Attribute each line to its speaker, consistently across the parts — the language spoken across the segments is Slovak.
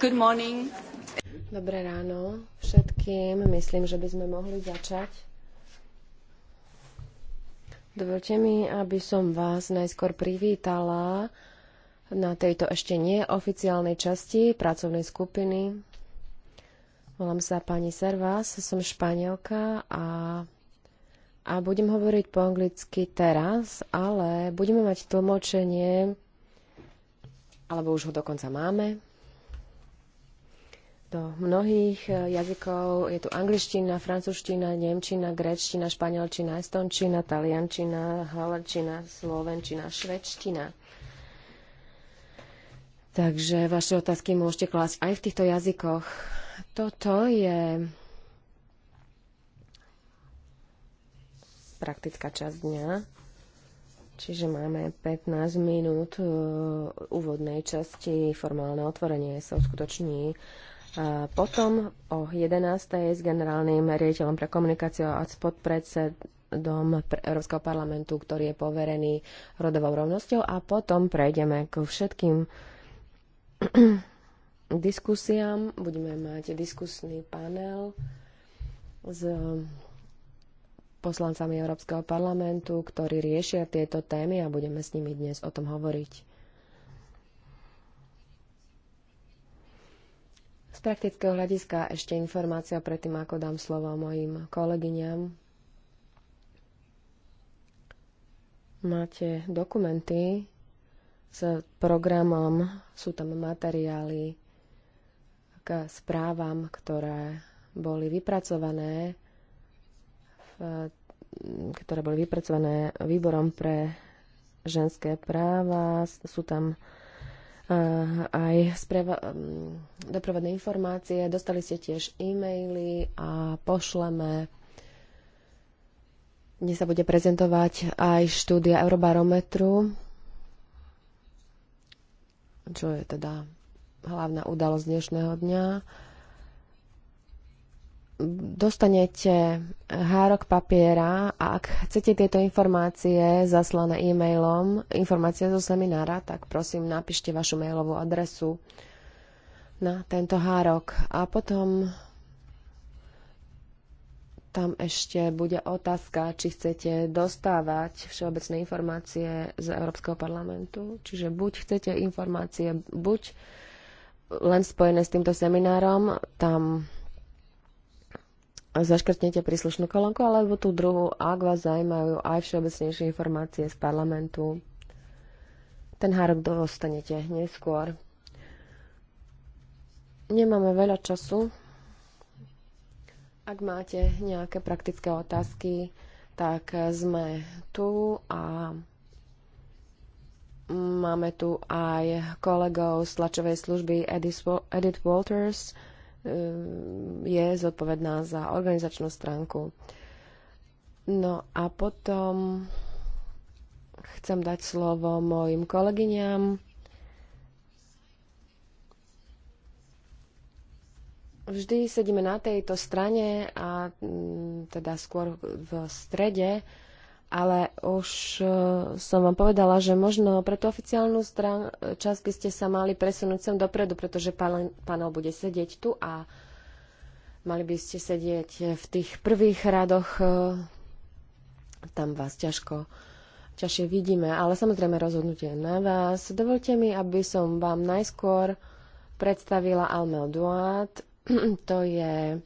Speaker 1: Good morning. Dobré ráno všetkým. Myslím, že by sme mohli začať. Dovolte mi, aby som vás najskôr privítala na tejto ešte neoficiálnej časti pracovnej skupiny. Volám sa pani Servas, som španielka a a budem hovoriť po anglicky teraz, ale budeme mať tlmočenie alebo už ho dokonca máme. Do mnohých eh, jazykov je tu angličtina, francúzština, nemčina, gréčtina, španielčina, estončina, taliančina, holandčina, slovenčina, švedština. Takže vaše otázky môžete klásť aj v týchto jazykoch. Toto je praktická časť dňa. Čiže máme 15 minút e, úvodnej časti. Formálne otvorenie sa uskutoční e, potom o 11. s generálnym riaditeľom pre komunikáciu a s podpredsedom Európskeho parlamentu, ktorý je poverený rodovou rovnosťou a potom prejdeme k všetkým diskusiám. Budeme mať diskusný panel s poslancami Európskeho parlamentu, ktorí riešia tieto témy a budeme s nimi dnes o tom hovoriť. Z praktického hľadiska ešte informácia predtým, ako dám slovo mojim kolegyňam. Máte dokumenty s programom, sú tam materiály k správam, ktoré boli vypracované Eh, ktoré boli vypracované výborom pre ženské práva. Sú tam eh, aj spreva- mm, doprovodné informácie. Dostali ste tiež e-maily a pošleme. Dnes sa bude prezentovať aj štúdia Eurobarometru, čo je teda hlavná udalosť dnešného dňa dostanete hárok papiera a ak chcete tieto informácie zaslané e-mailom, informácie zo seminára, tak prosím napíšte vašu mailovú adresu na tento hárok. A potom tam ešte bude otázka, či chcete dostávať všeobecné informácie z Európskeho parlamentu. Čiže buď chcete informácie, buď len spojené s týmto seminárom, tam zaškrtnete príslušnú kolónku, alebo tú druhú, ak vás zaujímajú aj všeobecnejšie informácie z parlamentu. Ten hárok dostanete neskôr. Nemáme veľa času. Ak máte nejaké praktické otázky, tak sme tu a máme tu aj kolegov z tlačovej služby Edith Walters, E, je zodpovedná za organizačnú stránku. No a potom chcem dať slovo mojim kolegyňam. Vždy sedíme na tejto strane a teda skôr v strede ale už e, som vám povedala, že možno pre tú oficiálnu stran časť by ste sa mali presunúť sem dopredu, pretože panel bude sedieť tu a mali by ste sedieť v tých prvých radoch. E, tam vás ťažko ťažšie vidíme, ale samozrejme rozhodnutie na vás. Dovolte mi, aby som vám najskôr predstavila Almel Duat. to je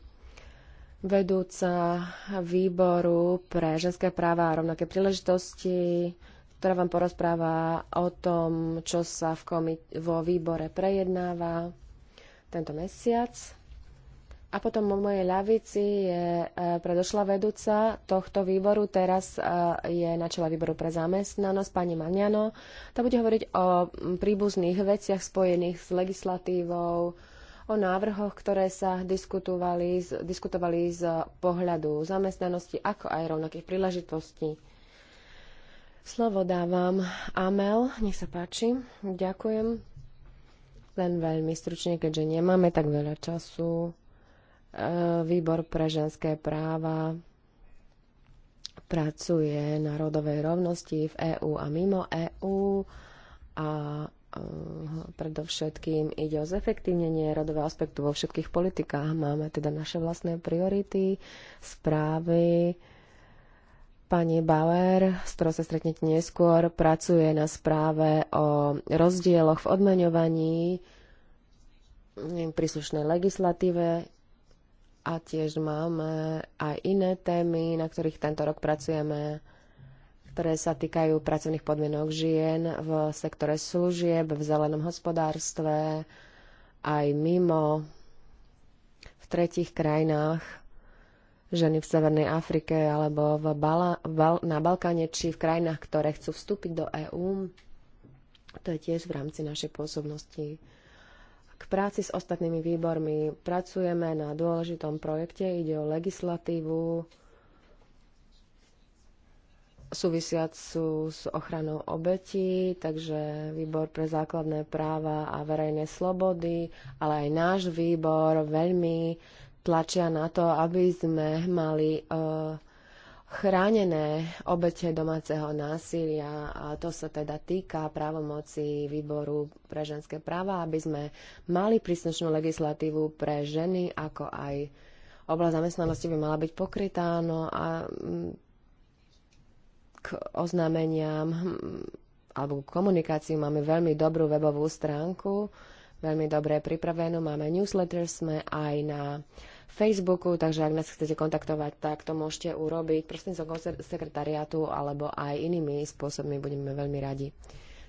Speaker 1: vedúca výboru pre ženské práva a rovnaké príležitosti, ktorá vám porozpráva o tom, čo sa v komi- vo výbore prejednáva tento mesiac. A potom o mojej ľavici je e, predošla vedúca tohto výboru, teraz e, je na čele výboru pre zamestnanosť pani Maniano. Tá bude hovoriť o príbuzných veciach spojených s legislatívou, o návrhoch, ktoré sa diskutovali z, diskutovali z pohľadu zamestnanosti, ako aj rovnakých príležitostí. Slovo dávam Amel, nech sa páči. Ďakujem. Len veľmi stručne, keďže nemáme tak veľa času. E, výbor pre ženské práva pracuje na rodovej rovnosti v EÚ a mimo EÚ a Ehm, predovšetkým ide o zefektívnenie rodového aspektu vo všetkých politikách. Máme teda naše vlastné priority, správy. Pani Bauer, s ktorou sa stretnete neskôr, pracuje na správe o rozdieloch v odmeňovaní príslušnej legislatíve a tiež máme aj iné témy, na ktorých tento rok pracujeme ktoré sa týkajú pracovných podmienok žien v sektore služieb, v zelenom hospodárstve, aj mimo, v tretich krajinách, ženy v Severnej Afrike alebo v Bala, Bal, na Balkáne či v krajinách, ktoré chcú vstúpiť do EÚ. To je tiež v rámci našej pôsobnosti. K práci s ostatnými výbormi pracujeme na dôležitom projekte. Ide o legislatívu, súvisiacu s ochranou obetí, takže výbor pre základné práva a verejné slobody, ale aj náš výbor veľmi tlačia na to, aby sme mali e, chránené obete domáceho násilia a to sa teda týka právomoci výboru pre ženské práva, aby sme mali príslušnú legislatívu pre ženy, ako aj oblasť zamestnanosti by mala byť pokrytá, no a k oznámeniam hm, alebo k komunikácii máme veľmi dobrú webovú stránku, veľmi dobre pripravenú, máme newsletter, sme aj na Facebooku, takže ak nás chcete kontaktovať, tak to môžete urobiť prostredníctvom sekretariátu alebo aj inými spôsobmi, budeme veľmi radi.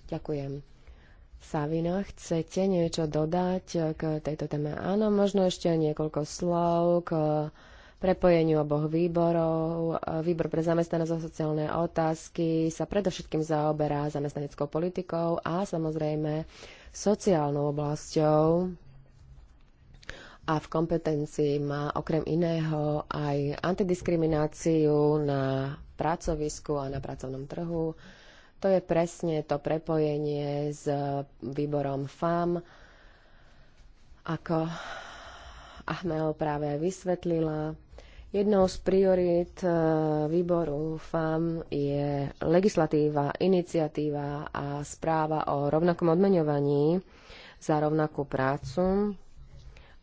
Speaker 1: Ďakujem. Savina, chcete niečo dodať k tejto téme? Áno, možno ešte niekoľko slov k prepojeniu oboch výborov. Výbor pre zamestnanosť a sociálne otázky sa predovšetkým zaoberá zamestnaneckou politikou a samozrejme sociálnou oblasťou a v kompetencii má okrem iného aj antidiskrimináciu na pracovisku a na pracovnom trhu. To je presne to prepojenie s výborom FAM, ako Ahmeo práve vysvetlila. Jednou z priorít e, výboru FAM je legislatíva, iniciatíva a správa o rovnakom odmeňovaní za rovnakú prácu.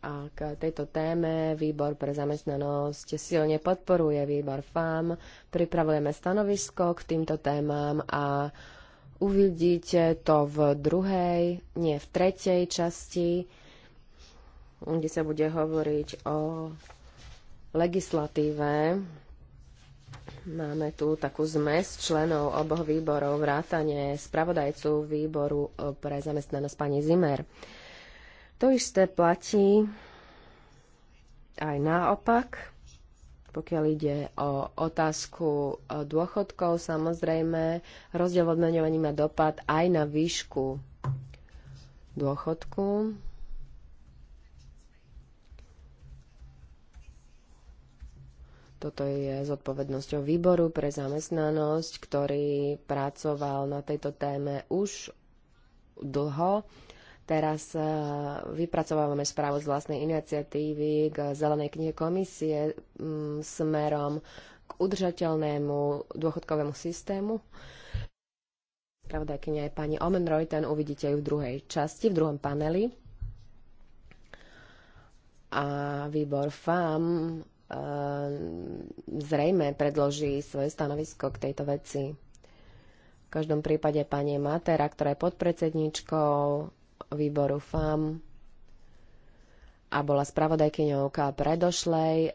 Speaker 1: A k tejto téme výbor pre zamestnanosť silne podporuje výbor FAM. Pripravujeme stanovisko k týmto témam a uvidíte to v druhej, nie v tretej časti, kde sa bude hovoriť o legislatíve Máme tu takú zmes členov oboch výborov, vrátane spravodajcu výboru e, pre zamestnanosť pani Zimer. To isté platí aj naopak, pokiaľ ide o otázku e, dôchodkov, samozrejme, rozdiel v odmeňovaní má dopad aj na výšku dôchodku. Toto je zodpovednosťou výboru pre zamestnanosť, ktorý pracoval na tejto téme už dlho. Teraz e, vypracovávame správu z vlastnej iniciatívy k Zelenej knihe komisie mm, smerom k udržateľnému dôchodkovému systému. Spravodajkynia je pani Omenroy, ten uvidíte ju v druhej časti, v druhom paneli. A výbor FAM Eh, zrejme predloží svoje stanovisko k tejto veci. V každom prípade pani Matera, ktorá je podpredsedničkou výboru FAM a bola spravodajkyňou k predošlej eh,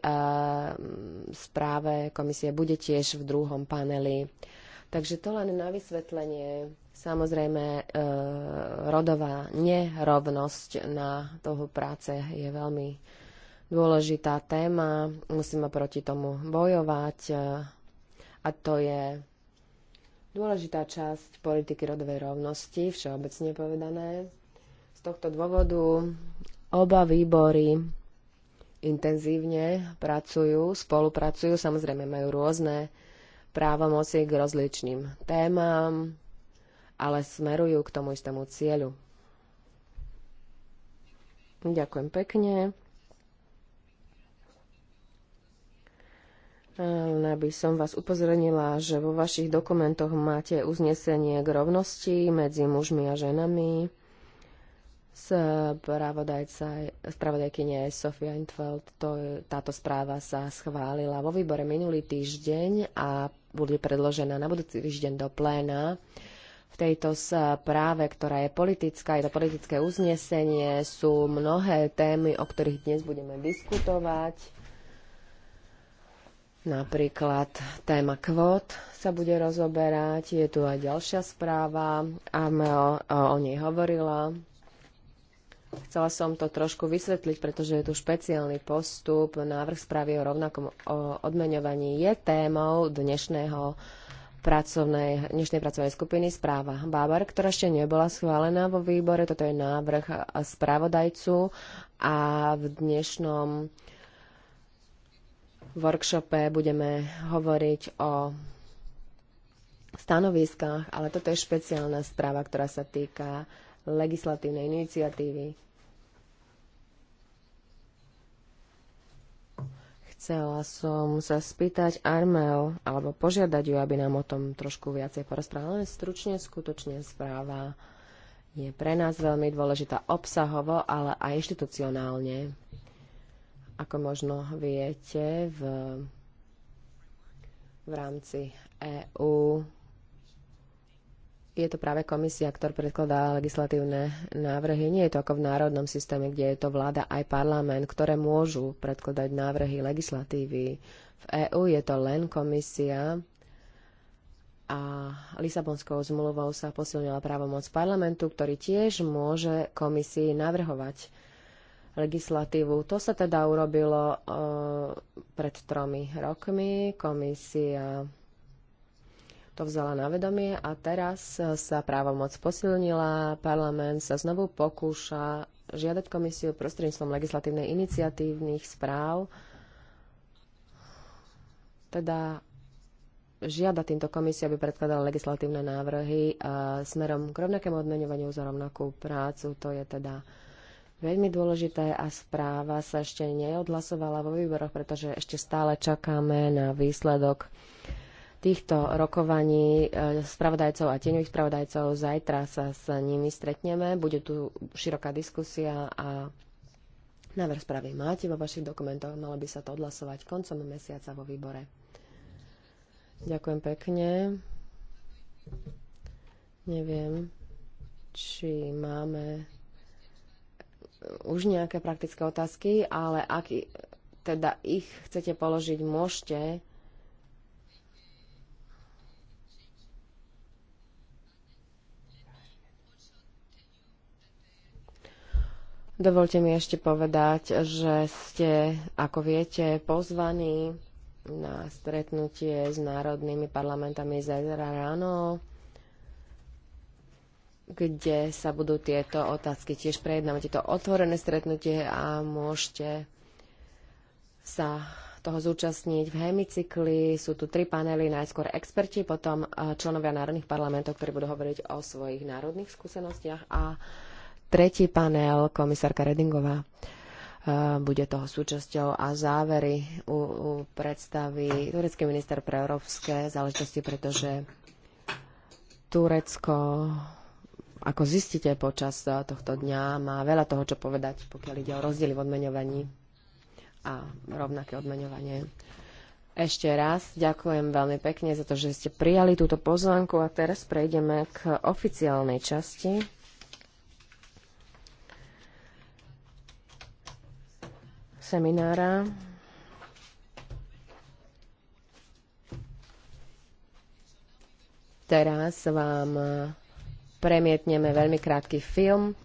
Speaker 1: správe komisie, bude tiež v druhom paneli. Takže to len na vysvetlenie. Samozrejme, eh, rodová nerovnosť na toho práce je veľmi dôležitá téma, musíme proti tomu bojovať e, a to je dôležitá časť politiky rodovej rovnosti, všeobecne povedané. Z tohto dôvodu oba výbory intenzívne pracujú, spolupracujú, samozrejme majú rôzne právomoci k rozličným témam, ale smerujú k tomu istému cieľu. Ďakujem pekne. Len aby som vás upozornila, že vo vašich dokumentoch máte uznesenie k rovnosti medzi mužmi a ženami. Spravodajkynia je Sofia Intveld. To, táto správa sa schválila vo výbore minulý týždeň a bude predložená na budúci týždeň do pléna. V tejto správe, ktorá je politická, je to politické uznesenie, sú mnohé témy, o ktorých dnes budeme diskutovať Napríklad téma kvót sa bude rozoberať, je tu aj ďalšia správa, Amel o, o nej hovorila. Chcela som to trošku vysvetliť, pretože je tu špeciálny postup. Návrh správy o rovnakom odmeňovaní je témou dnešného pracovnej, dnešnej pracovnej skupiny správa Bábar, ktorá ešte nebola schválená vo výbore. Toto je návrh spravodajcu a v dnešnom workshope budeme hovoriť o stanoviskách, ale toto je špeciálna správa, ktorá sa týka legislatívnej iniciatívy. Chcela som sa spýtať Armel, alebo požiadať ju, aby nám o tom trošku viacej porozprávala. Ale stručne, skutočne správa je pre nás veľmi dôležitá obsahovo, ale aj inštitucionálne. Ako možno viete, v, v rámci EÚ je to práve komisia, ktorá predkladá legislatívne návrhy. Nie je to ako v národnom systéme, kde je to vláda aj parlament, ktoré môžu predkladať návrhy legislatívy. V EÚ je to len komisia a Lisabonskou zmluvou sa posilnila právomoc parlamentu, ktorý tiež môže komisii navrhovať legislatívu. To sa teda urobilo e, pred tromi rokmi. Komisia to vzala na vedomie a teraz sa právomoc posilnila. Parlament sa znovu pokúša žiadať komisiu prostredníctvom legislatívnej iniciatívnych správ. Teda žiada týmto komisia, aby predkladala legislatívne návrhy e, smerom k rovnakému odmenovaniu za rovnakú prácu. To je teda veľmi dôležité a správa sa ešte neodhlasovala vo výboroch, pretože ešte stále čakáme na výsledok týchto rokovaní eh, spravodajcov a tieňových spravodajcov. Zajtra sa s nimi stretneme. Bude tu široká diskusia a návrh správy máte vo vašich dokumentoch. Malo by sa to odhlasovať koncom mesiaca vo výbore. Ďakujem pekne. Neviem, či máme už nejaké praktické otázky, ale ak teda ich chcete položiť, môžete. Dovolte mi ešte povedať, že ste, ako viete, pozvaní na stretnutie s národnými parlamentami zajtra ráno kde sa budú tieto otázky tiež prejednávať. Je to otvorené stretnutie a môžete sa toho zúčastniť v hemicykli. Sú tu tri panely, najskôr experti, potom eh, členovia národných parlamentov, ktorí budú hovoriť o svojich národných skúsenostiach a tretí panel, komisárka Redingová, eh, bude toho súčasťou a závery u, u predstaví turecký minister pre európske záležitosti, pretože Turecko ako zistíte počas eh, tohto dňa, má veľa toho, čo povedať, pokiaľ ide o rozdiely v odmeňovaní a rovnaké odmeňovanie. Ešte raz ďakujem veľmi pekne za to, že ste prijali túto pozvánku a teraz prejdeme k oficiálnej časti. seminára. Teraz vám premietneme veľmi krátky film.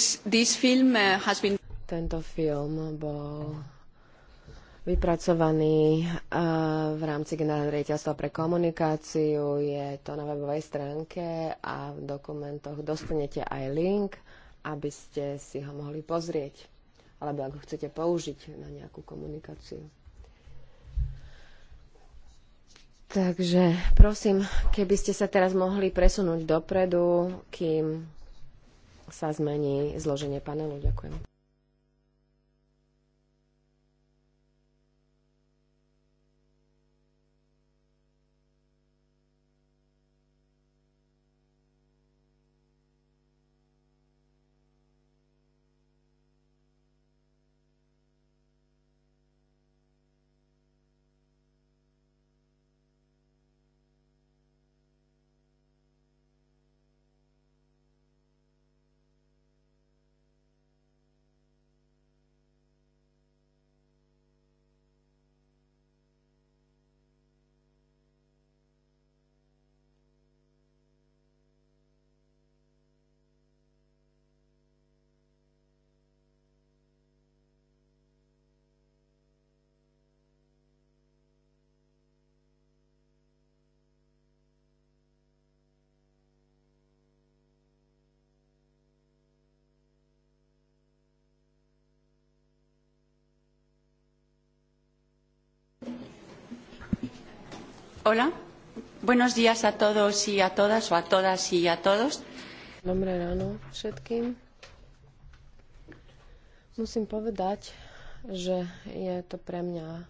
Speaker 1: Uh, Tento film bol vypracovaný uh, v rámci generálneho riaditeľstva pre komunikáciu. Je to na webovej stránke a v dokumentoch dostanete aj link, aby ste si ho mohli pozrieť alebo ak ho chcete použiť na nejakú komunikáciu. Takže prosím, keby ste sa teraz mohli presunúť dopredu, kým sa zmení zloženie panelu. Ďakujem. Hola. Buenos días a todos y a todas, o a todas y a todos. Dobré ráno všetkým. Musím povedať, že je to pre mňa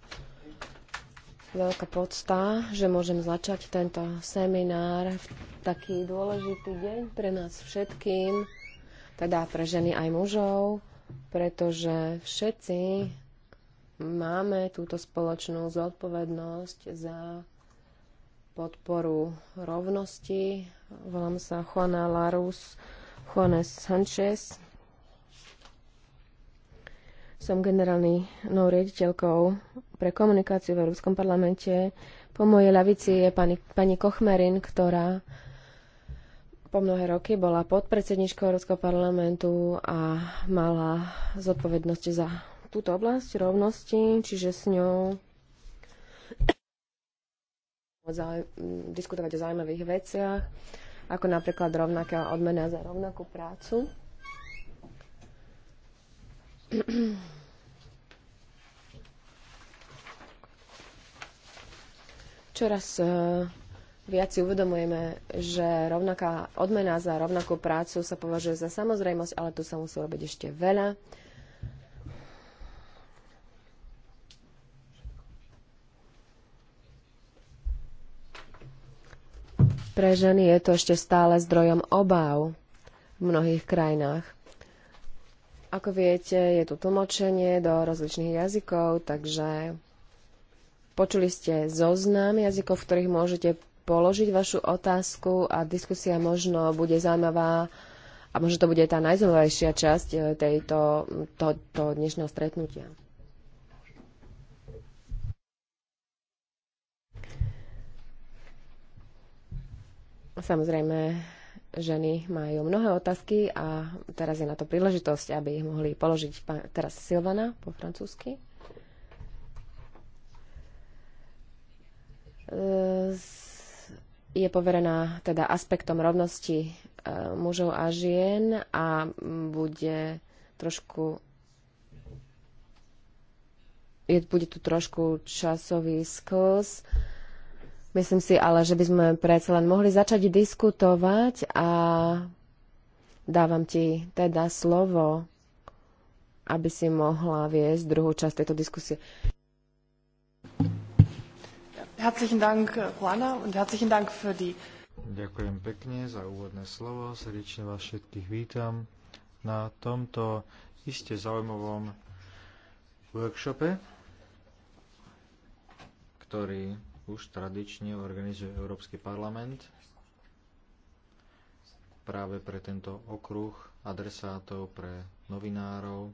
Speaker 1: veľká podsta, že môžem začať tento seminár v taký dôležitý deň pre nás všetkým, teda pre ženy aj mužov, pretože všetci máme túto spoločnú zodpovednosť za podporu rovnosti. Volám sa Juana Larus Juanes Sanchez. Som generálny nou riaditeľkou pre komunikáciu v Európskom parlamente. Po mojej lavici je pani, pani Kochmerin, ktorá po mnohé roky bola podpredsedničkou Európskeho parlamentu a mala zodpovednosť za túto oblasť rovnosti, čiže s ňou diskutovať o zaujímavých veciach, ako napríklad rovnaká odmena za rovnakú prácu. Čoraz e, viac si uvedomujeme, že rovnaká odmena za rovnakú prácu sa považuje za samozrejmosť, ale tu sa musí robiť ešte veľa. Pre ženy je to ešte stále zdrojom obáv v mnohých krajinách. Ako viete, je tu tlmočenie do rozličných jazykov, takže počuli ste zoznam jazykov, v ktorých môžete položiť vašu otázku a diskusia možno bude zaujímavá a možno to bude tá najzaujímavejšia časť eh, tejto, to, to dnešného stretnutia. Samozrejme, ženy majú mnohé otázky a teraz je na to príležitosť, aby ich mohli položiť teraz Silvana po francúzsky. E, je poverená teda aspektom rovnosti e, mužov a žien a bude trošku je, bude tu trošku časový skos. Uh, Myslím si ale, že by sme predsa len mohli začať diskutovať a dávam ti teda slovo, aby si mohla viesť druhú časť tejto diskusie. Herzlichen Dank, Juana, und herzlichen Dank für die...
Speaker 2: Ďakujem pekne za úvodné slovo, srdečne vás všetkých vítam na tomto iste zaujímavom workshope, ktorý už tradične organizuje Európsky parlament práve pre tento okruh adresátov, pre novinárov.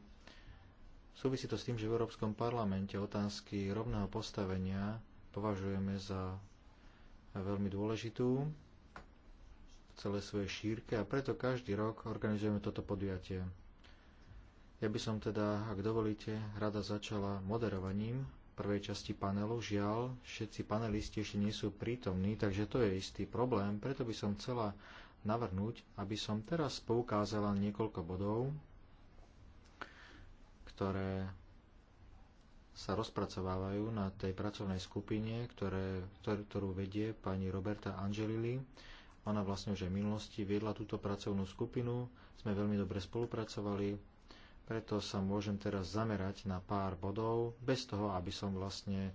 Speaker 2: Súvisí to s tým, že v Európskom parlamente otázky rovného postavenia považujeme za veľmi dôležitú v celej svojej šírke a preto každý rok organizujeme toto podujatie. Ja by som teda, ak dovolíte, rada začala moderovaním prvej časti panelu. Žiaľ, všetci panelisti ešte nie sú prítomní, takže to je istý problém. Preto by som chcela navrhnúť, aby som teraz poukázala niekoľko bodov, ktoré sa rozpracovávajú na tej pracovnej skupine, ktoré, ktorú, ktorú vedie pani Roberta Angelili. Ona vlastne už aj v minulosti viedla túto pracovnú skupinu, sme veľmi dobre spolupracovali, preto sa môžem teraz zamerať na pár bodov, bez toho, aby som vlastne e,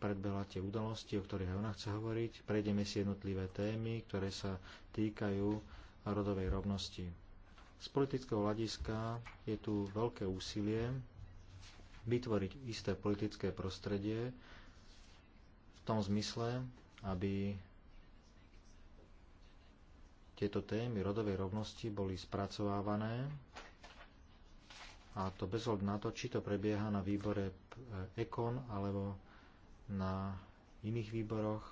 Speaker 2: predbehla tie udalosti, o ktorých ona chce hovoriť. Prejdeme si jednotlivé témy, ktoré sa týkajú rodovej rovnosti. Z politického hľadiska je tu veľké úsilie vytvoriť isté politické prostredie v tom zmysle, aby tieto témy rodovej rovnosti boli spracovávané a to bez ohľadu na to, či to prebieha na výbore e, EKON alebo na iných výboroch.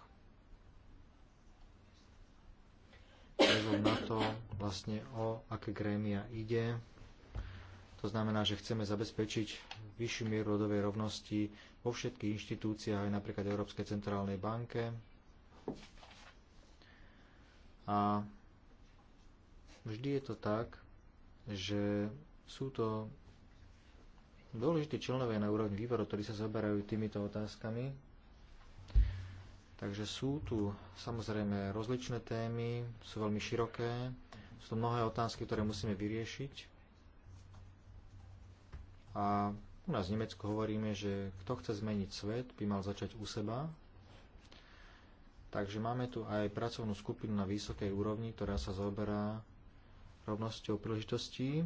Speaker 2: Bez ohľadu na to, vlastne o aké grémia ide. To znamená, že chceme zabezpečiť vyššiu mieru rodovej rovnosti vo všetkých inštitúciách, aj napríklad Európskej centrálnej banke. A vždy je to tak, že sú to dôležití členovia na úrovni výboru, ktorí sa zaberajú týmito otázkami. Takže sú tu samozrejme rozličné témy, sú veľmi široké, sú to mnohé otázky, ktoré musíme vyriešiť. A u nás v Nemecku hovoríme, že kto chce zmeniť svet, by mal začať u seba. Takže máme tu aj pracovnú skupinu na vysokej úrovni, ktorá sa zaoberá rovnosťou príležitostí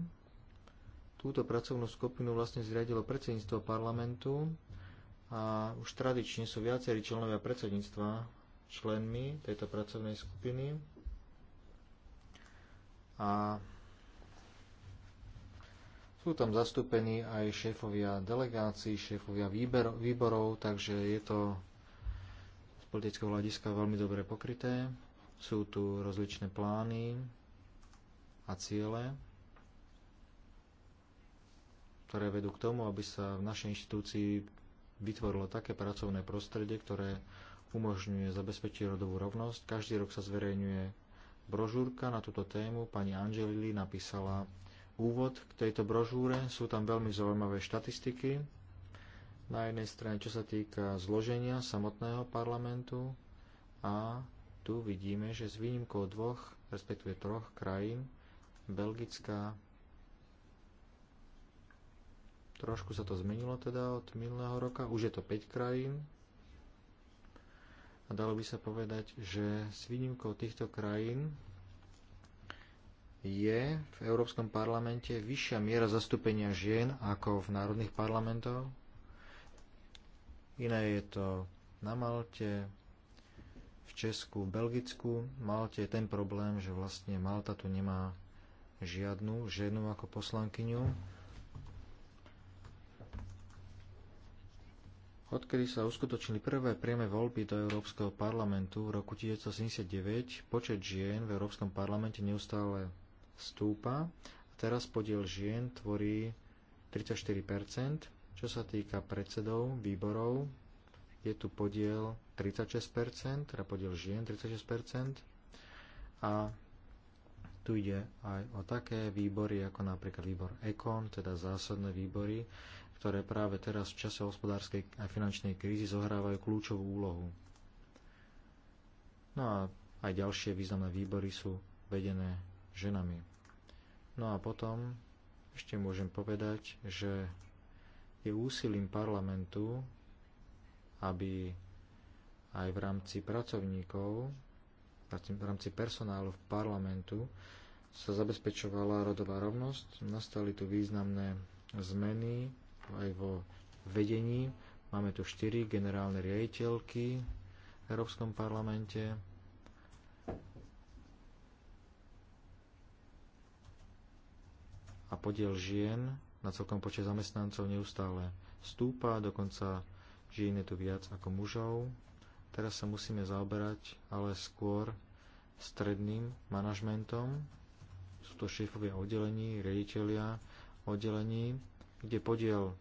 Speaker 2: Túto pracovnú skupinu vlastne zriadilo predsedníctvo parlamentu a už tradične sú viacerí členovia predsedníctva členmi tejto pracovnej skupiny. A sú tam zastúpení aj šéfovia delegácií, šéfovia výber, výborov, takže je to z politického hľadiska veľmi dobre pokryté. Sú tu rozličné plány a ciele ktoré vedú k tomu, aby sa v našej inštitúcii vytvorilo také pracovné prostredie, ktoré umožňuje zabezpečiť rodovú rovnosť. Každý rok sa zverejňuje brožúrka na túto tému. Pani Angelili napísala úvod k tejto brožúre. Sú tam veľmi zaujímavé štatistiky. Na jednej strane, čo sa týka zloženia samotného parlamentu a tu vidíme, že s výnimkou dvoch, respektíve troch krajín, Belgická, Trošku sa to zmenilo teda od minulého roka. Už je to 5 krajín. A dalo by sa povedať, že s výnimkou týchto krajín je v Európskom parlamente vyššia miera zastúpenia žien ako v národných parlamentoch. Iné je to na Malte, v Česku, v Belgicku. Malte je ten problém, že vlastne Malta tu nemá žiadnu ženu ako poslankyňu Odkedy sa uskutočnili prvé priame voľby do Európskeho parlamentu v roku 1979, počet žien v Európskom parlamente neustále stúpa a teraz podiel žien tvorí 34%, čo sa týka predsedov výborov, je tu podiel 36%, teda podiel žien 36%. A tu ide aj o také výbory, ako napríklad výbor EKON, teda zásadné výbory, ktoré práve teraz v čase hospodárskej a finančnej krízy zohrávajú kľúčovú úlohu. No a aj ďalšie významné výbory sú vedené ženami. No a potom ešte môžem povedať, že je úsilím parlamentu, aby aj v rámci pracovníkov, v rámci personálu v parlamentu sa zabezpečovala rodová rovnosť. Nastali tu významné zmeny aj vo vedení. Máme tu štyri generálne riaditeľky v Európskom parlamente. A podiel žien na celkom počet zamestnancov neustále stúpa, dokonca žien je tu viac ako mužov. Teraz sa musíme zaoberať ale skôr stredným manažmentom. Sú to šéfovia oddelení, riaditeľia oddelení kde podiel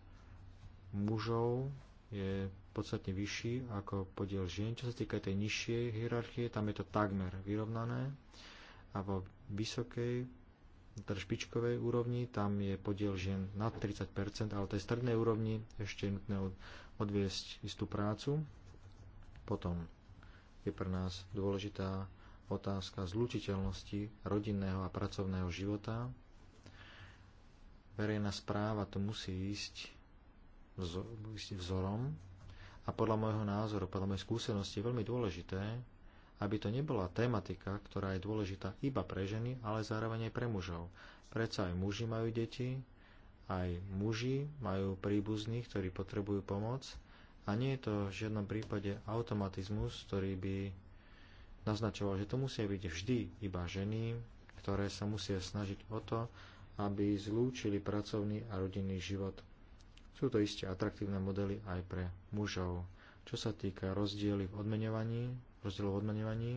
Speaker 2: mužov je podstatne vyšší ako podiel žien. Čo sa týka tej nižšej hierarchie, tam je to takmer vyrovnané a vo vysokej, teda špičkovej úrovni, tam je podiel žien nad 30%, ale tej strednej úrovni ešte je nutné odviesť istú prácu. Potom je pre nás dôležitá otázka zlučiteľnosti rodinného a pracovného života, verejná správa tu musí ísť, ísť vzorom a podľa môjho názoru, podľa mojej skúsenosti je veľmi dôležité, aby to nebola tematika, ktorá je dôležitá iba pre ženy, ale zároveň aj pre mužov. Prečo aj muži majú deti, aj muži majú príbuzných, ktorí potrebujú pomoc a nie je to v žiadnom prípade automatizmus, ktorý by naznačoval, že to musia byť vždy iba ženy, ktoré sa musia snažiť o to, aby zlúčili pracovný a rodinný život. Sú to isté atraktívne modely aj pre mužov. Čo sa týka rozdiely v odmenovaní, rozdielov v odmenovaní,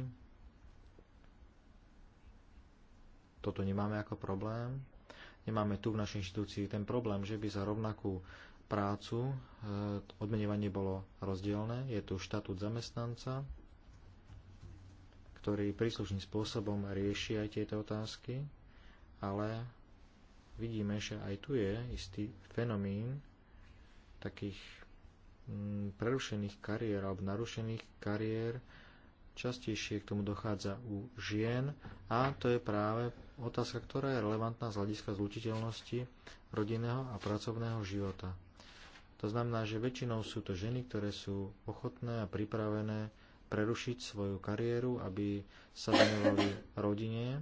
Speaker 2: toto nemáme ako problém. Nemáme tu v našej inštitúcii ten problém, že by za rovnakú prácu e, odmenovanie bolo rozdielne. Je tu štatút zamestnanca, ktorý príslušným spôsobom rieši aj tieto otázky, ale vidíme, že aj tu je istý fenomín takých mm, prerušených kariér alebo narušených kariér. Častejšie k tomu dochádza u žien a to je práve otázka, ktorá je relevantná z hľadiska zlučiteľnosti rodinného a pracovného života. To znamená, že väčšinou sú to ženy, ktoré sú ochotné a pripravené prerušiť svoju kariéru, aby sa venovali rodine,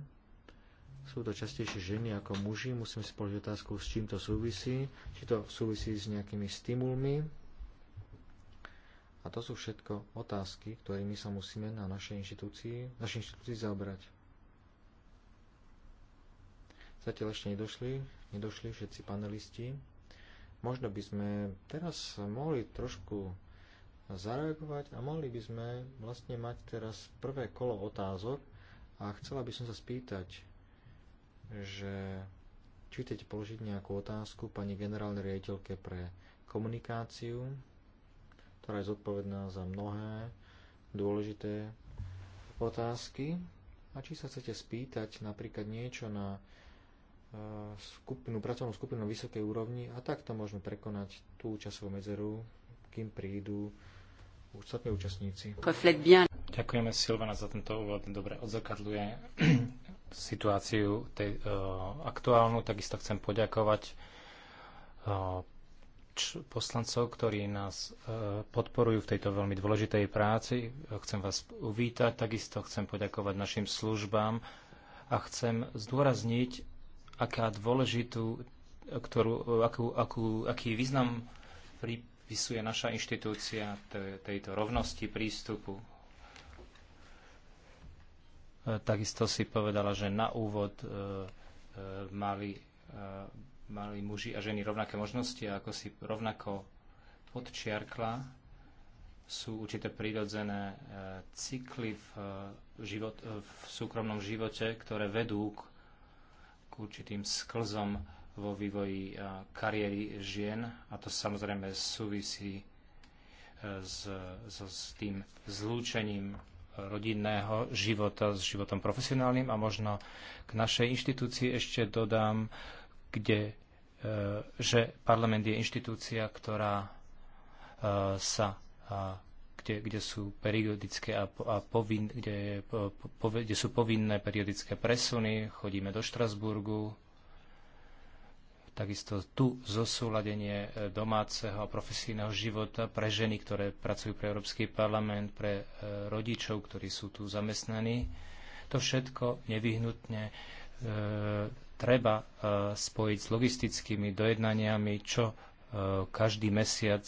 Speaker 2: sú to častejšie ženy ako muži. Musíme si položiť otázku, s čím to súvisí, či to súvisí s nejakými stimulmi. A to sú všetko otázky, ktorými sa musíme na našej inštitúcii, našej inštitúcii zaobrať. Zatiaľ ešte nedošli, nedošli všetci panelisti. Možno by sme teraz mohli trošku zareagovať a mohli by sme vlastne mať teraz prvé kolo otázok a chcela by som sa spýtať že či chcete položiť nejakú otázku pani generálnej riaditeľke pre komunikáciu, ktorá je zodpovedná za mnohé dôležité otázky a či sa chcete spýtať napríklad niečo na e, skupinu, pracovnú skupinu na vysokej úrovni a takto môžeme prekonať tú časovú medzeru, kým prídu ostatní účastníci.
Speaker 3: Ďakujeme Silvana za tento úvod, dobre odzrkadľuje situáciu tej, uh, aktuálnu. Takisto chcem poďakovať uh, poslancov, ktorí nás uh, podporujú v tejto veľmi dôležitej práci. Chcem vás uvítať, takisto chcem poďakovať našim službám a chcem zdôrazniť, aká dôležitú, ktorú, akú, akú, aký význam pripisuje naša inštitúcia tejto rovnosti prístupu E, takisto si povedala, že na úvod e, e, mali, mali muži a ženy rovnaké možnosti a ako si rovnako podčiarkla, sú určité prírodzené cykly v, život, v súkromnom živote, ktoré vedú k, k určitým sklzom vo vývoji kariéry žien a to samozrejme súvisí s, s, s tým zlúčením rodinného života s životom profesionálnym a možno k našej inštitúcii ešte dodám, kde, e, že parlament je inštitúcia, ktorá e, sa kde, kde sú periodické a, a povin, kde, po, po, kde sú povinné periodické presuny, chodíme do Štrasburgu, takisto tu zosúladenie e, domáceho a profesijného života pre ženy, ktoré pracujú pre Európsky parlament, pre e, rodičov, ktorí sú tu zamestnaní. To všetko nevyhnutne e, treba e, spojiť s logistickými dojednaniami, čo e, každý mesiac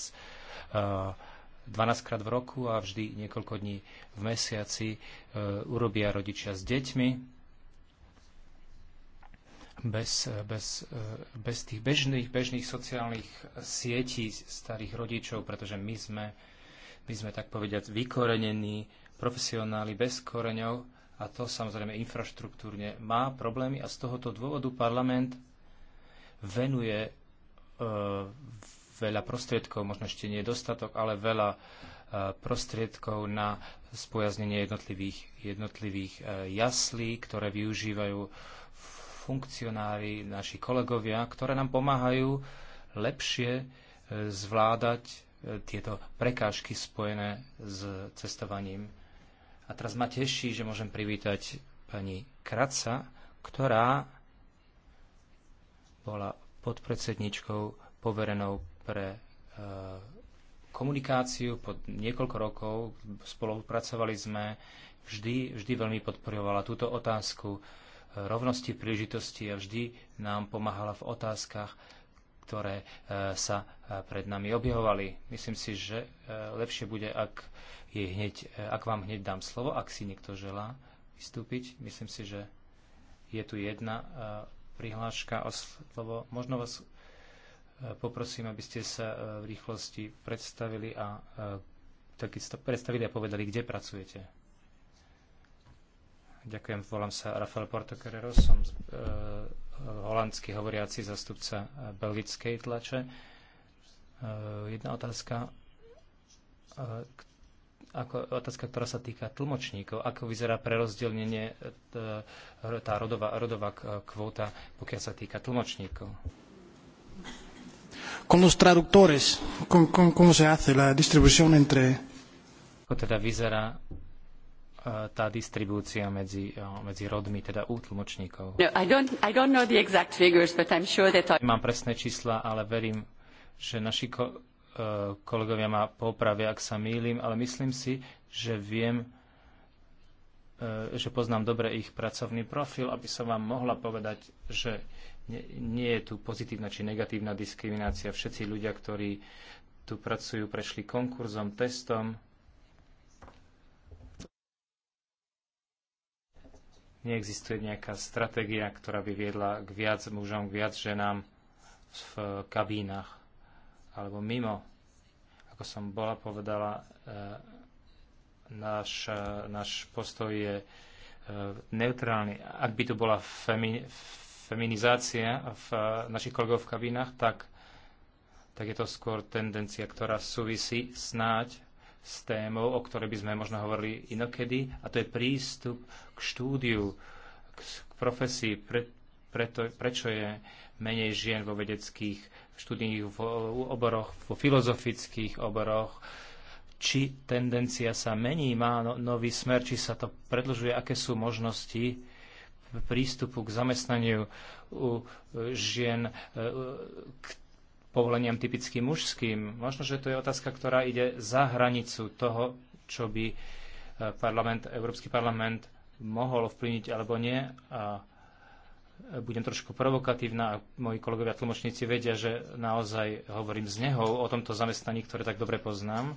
Speaker 3: e, 12 krát v roku a vždy niekoľko dní v mesiaci e, urobia rodičia s deťmi bez, bez, bez tých bežných, bežných sociálnych sietí starých rodičov, pretože my sme, my sme tak povediať vykorenení, profesionáli bez koreňov a to samozrejme infraštruktúrne má problémy a z tohoto dôvodu parlament venuje e, veľa prostriedkov, možno ešte nie dostatok, ale veľa e, prostriedkov na spojaznenie jednotlivých, jednotlivých e, jaslí, ktoré využívajú v funkcionári, naši kolegovia, ktoré nám pomáhajú lepšie e, zvládať e, tieto prekážky spojené s cestovaním. A teraz ma teší, že môžem privítať pani Kraca, ktorá bola podpredsedničkou poverenou pre e, komunikáciu pod niekoľko rokov. Spolupracovali sme, vždy, vždy veľmi podporovala túto otázku rovnosti príležitosti a vždy nám pomáhala v otázkach, ktoré e, sa e, pred nami objavovali. Myslím si, že e, lepšie bude, ak, jej hneď, ak vám hneď dám slovo, ak si niekto želá vystúpiť. Myslím si, že je tu jedna prihláška o slovo. Možno vás poprosím, aby ste sa v rýchlosti predstavili a takisto predstavili a povedali, kde pracujete. Ďakujem, volám sa Rafael Portokerero, som e, holandsky hovoriaci zastupca belgickej tlače. E, jedna otázka, e, ako, otázka, ktorá sa týka tlmočníkov. Ako vyzerá prerozdelnenie e, tá rodová, rodová kvóta, pokiaľ sa týka tlmočníkov?
Speaker 2: Con los traductores, con, con, ¿cómo se hace la distribución entre...
Speaker 3: Ako teda vyzerá E, tá distribúcia medzi, e, medzi rodmi, teda u tlmočníkov. No, I Mám presné čísla, ale verím, že naši ko- e, kolegovia ma popravia, ak sa mýlim, ale myslím si, že viem, že poznám dobre ich pracovný profil, aby som vám mohla povedať, že nie, nie je tu pozitívna či negatívna diskriminácia. Všetci ľudia, ktorí tu pracujú, prešli konkurzom, testom, neexistuje nejaká stratégia, ktorá by viedla k viac mužom, k viac ženám v kabínach alebo mimo. Ako som bola povedala, e, náš, e, náš postoj je e, neutrálny. Ak by tu bola femi, feminizácia v našich kolegov v kabínach, tak, tak je to skôr tendencia, ktorá súvisí snáď s témou, o ktorej by sme možno hovorili inokedy, a to je prístup k štúdiu, k, k profesii, pre, preto, prečo je menej žien vo vedeckých študijných oboroch, vo filozofických oboroch, či tendencia sa mení, má no, nový smer, či sa to predlžuje, aké sú možnosti prístupu k zamestnaniu u e, žien, e, k povoleniam typicky mužským. Možno, že to je otázka, ktorá ide za hranicu toho, čo by e, parlament, Európsky parlament mohol vplyniť alebo nie. A e, budem trošku provokatívna a moji kolegovia tlmočníci vedia, že naozaj hovorím z neho o tomto zamestnaní, ktoré tak dobre poznám. E,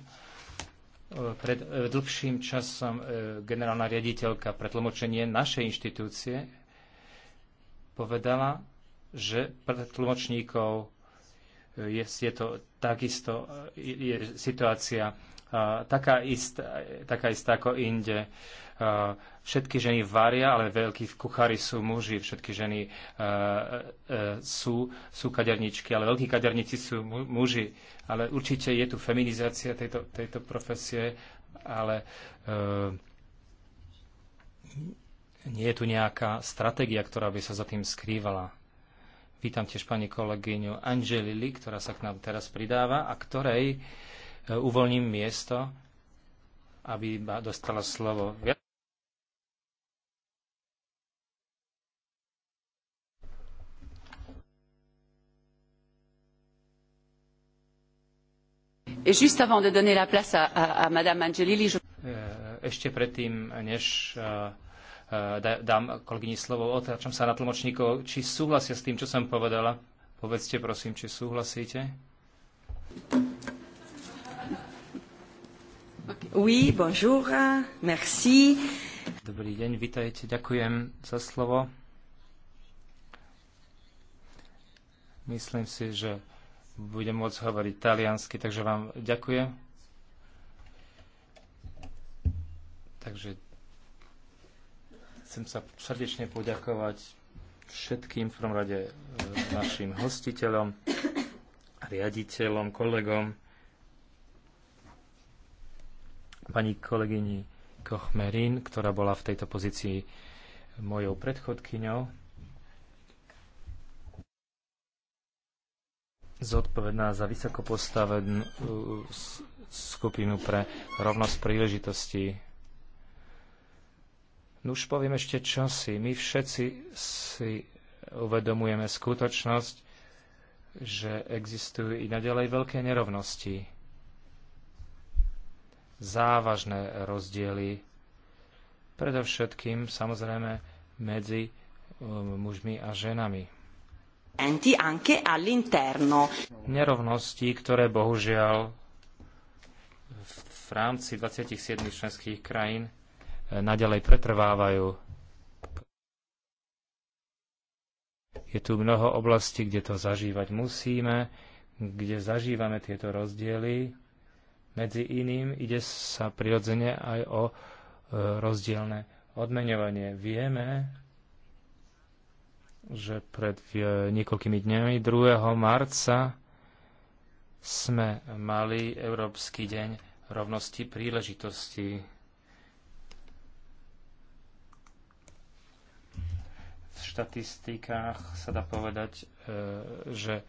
Speaker 3: pred dlhším časom generálna riaditeľka pre tlmočenie našej inštitúcie povedala, že pre tlmočníkov je, je to takisto je situácia taká, ist, taká istá ako inde. Všetky ženy varia, ale veľkí kuchári sú muži, všetky ženy sú, sú kaderničky, ale veľkí kaderníci sú muži. Ale určite je tu feminizácia tejto, tejto profesie, ale e, nie je tu nejaká stratégia, ktorá by sa za tým skrývala. Vítam tiež pani kolegyňu Angelili, ktorá sa k nám teraz pridáva a ktorej e, uvoľním miesto, aby dostala slovo. Ešte predtým, než e, Eh, dám kolegyni slovo, otáčam sa na tlmočníkov, či súhlasia s tým, čo som povedala. Povedzte prosím, či súhlasíte.
Speaker 1: Oui, bonjour, merci.
Speaker 3: Dobrý deň, vitajte, ďakujem za slovo. Myslím si, že budem môcť hovoriť taliansky, takže vám ďakujem. Takže Chcem sa srdečne poďakovať všetkým, v prvom rade e, našim hostiteľom, riaditeľom, kolegom, pani kolegyni Kochmerin, ktorá bola v tejto pozícii mojou predchodkyňou, zodpovedná za vysoko postavenú e, skupinu pre rovnosť príležitostí No už poviem ešte čosi. My všetci si uvedomujeme skutočnosť, že existujú i naďalej veľké nerovnosti, závažné rozdiely, predovšetkým samozrejme medzi um, mužmi a ženami. Nerovnosti, ktoré bohužiaľ v rámci 27 členských krajín E, naďalej pretrvávajú. Je tu mnoho oblastí, kde to zažívať musíme, kde zažívame tieto rozdiely. Medzi iným ide sa prirodzene aj o e, rozdielne odmeňovanie. Vieme, že pred e, niekoľkými dňami 2. marca sme mali Európsky deň rovnosti príležitosti štatistikách sa dá povedať, e, že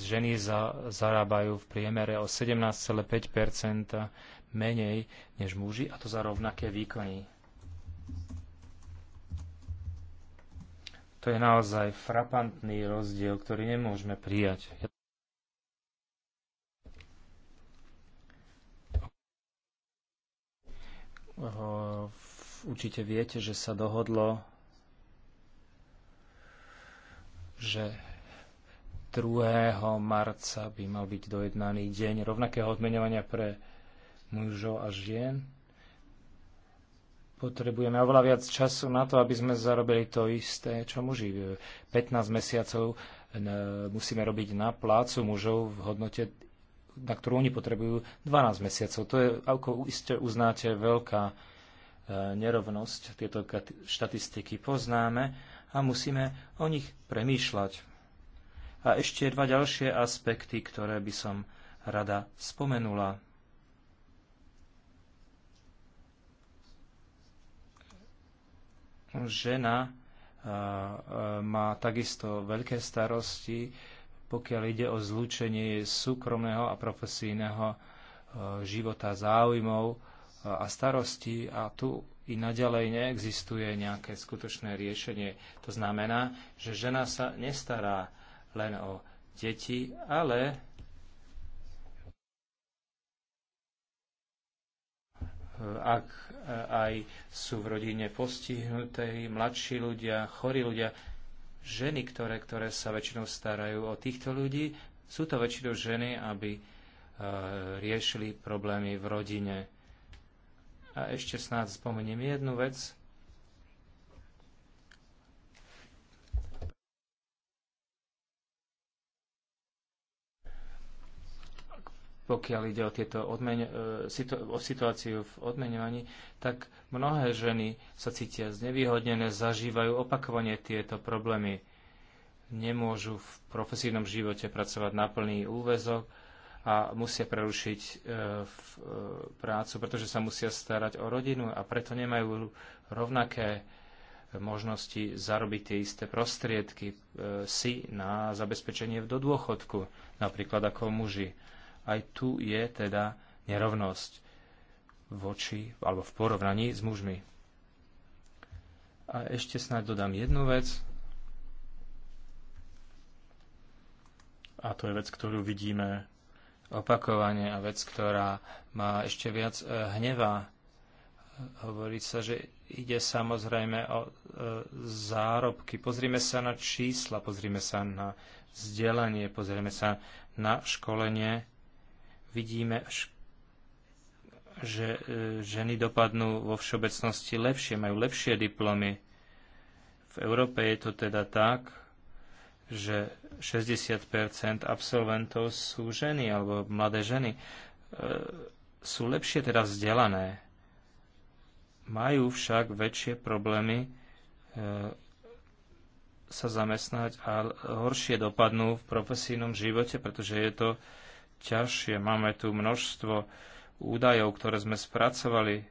Speaker 3: ženy za, zarábajú v priemere o 17,5 menej než muži, a to za rovnaké výkony. To je naozaj frapantný rozdiel, ktorý nemôžeme prijať. Určite viete, že sa dohodlo že 2. marca by mal byť dojednaný deň rovnakého odmenovania pre mužov a žien. Potrebujeme oveľa viac času na to, aby sme zarobili to isté, čo muži. 15 mesiacov musíme robiť na plácu mužov v hodnote, na ktorú oni potrebujú 12 mesiacov. To je, ako iste uznáte, veľká e, nerovnosť. Tieto štatistiky poznáme a musíme o nich premýšľať. A ešte dva ďalšie aspekty, ktoré by som rada spomenula. Žena má takisto veľké starosti, pokiaľ ide o zlúčenie súkromného a profesijného života záujmov a starostí a tu i naďalej neexistuje nejaké skutočné riešenie. To znamená, že žena sa nestará len o deti, ale ak e, aj sú v rodine postihnuté mladší ľudia, chorí ľudia, ženy, ktoré, ktoré sa väčšinou starajú o týchto ľudí, sú to väčšinou ženy, aby e, riešili problémy v rodine a ešte snáď spomeniem jednu vec. pokiaľ ide o, tieto odmeň, e, o situáciu v odmeňovaní, tak mnohé ženy sa cítia znevýhodnené, zažívajú opakovane tieto problémy. Nemôžu v profesívnom živote pracovať na plný úvezok, a musia prerušiť e, e, prácu, pretože sa musia starať o rodinu a preto nemajú rovnaké možnosti zarobiť tie isté prostriedky e, si na zabezpečenie do dôchodku, napríklad ako muži. Aj tu je teda nerovnosť voči alebo v porovnaní s mužmi. A ešte snáď dodám jednu vec, a to je vec, ktorú vidíme Opakovanie a vec, ktorá má ešte viac e, hnevá. Hovorí sa, že ide samozrejme o e, zárobky. Pozrime sa na čísla, pozrime sa na vzdelanie, pozrieme sa na školenie. Vidíme, že e, ženy dopadnú vo všeobecnosti lepšie, majú lepšie diplomy. V Európe je to teda tak, že 60 absolventov sú ženy alebo mladé ženy. E, sú lepšie teda vzdelané. Majú však väčšie problémy e, sa zamestnať a horšie dopadnú v profesijnom živote, pretože je to ťažšie. Máme tu množstvo údajov, ktoré sme spracovali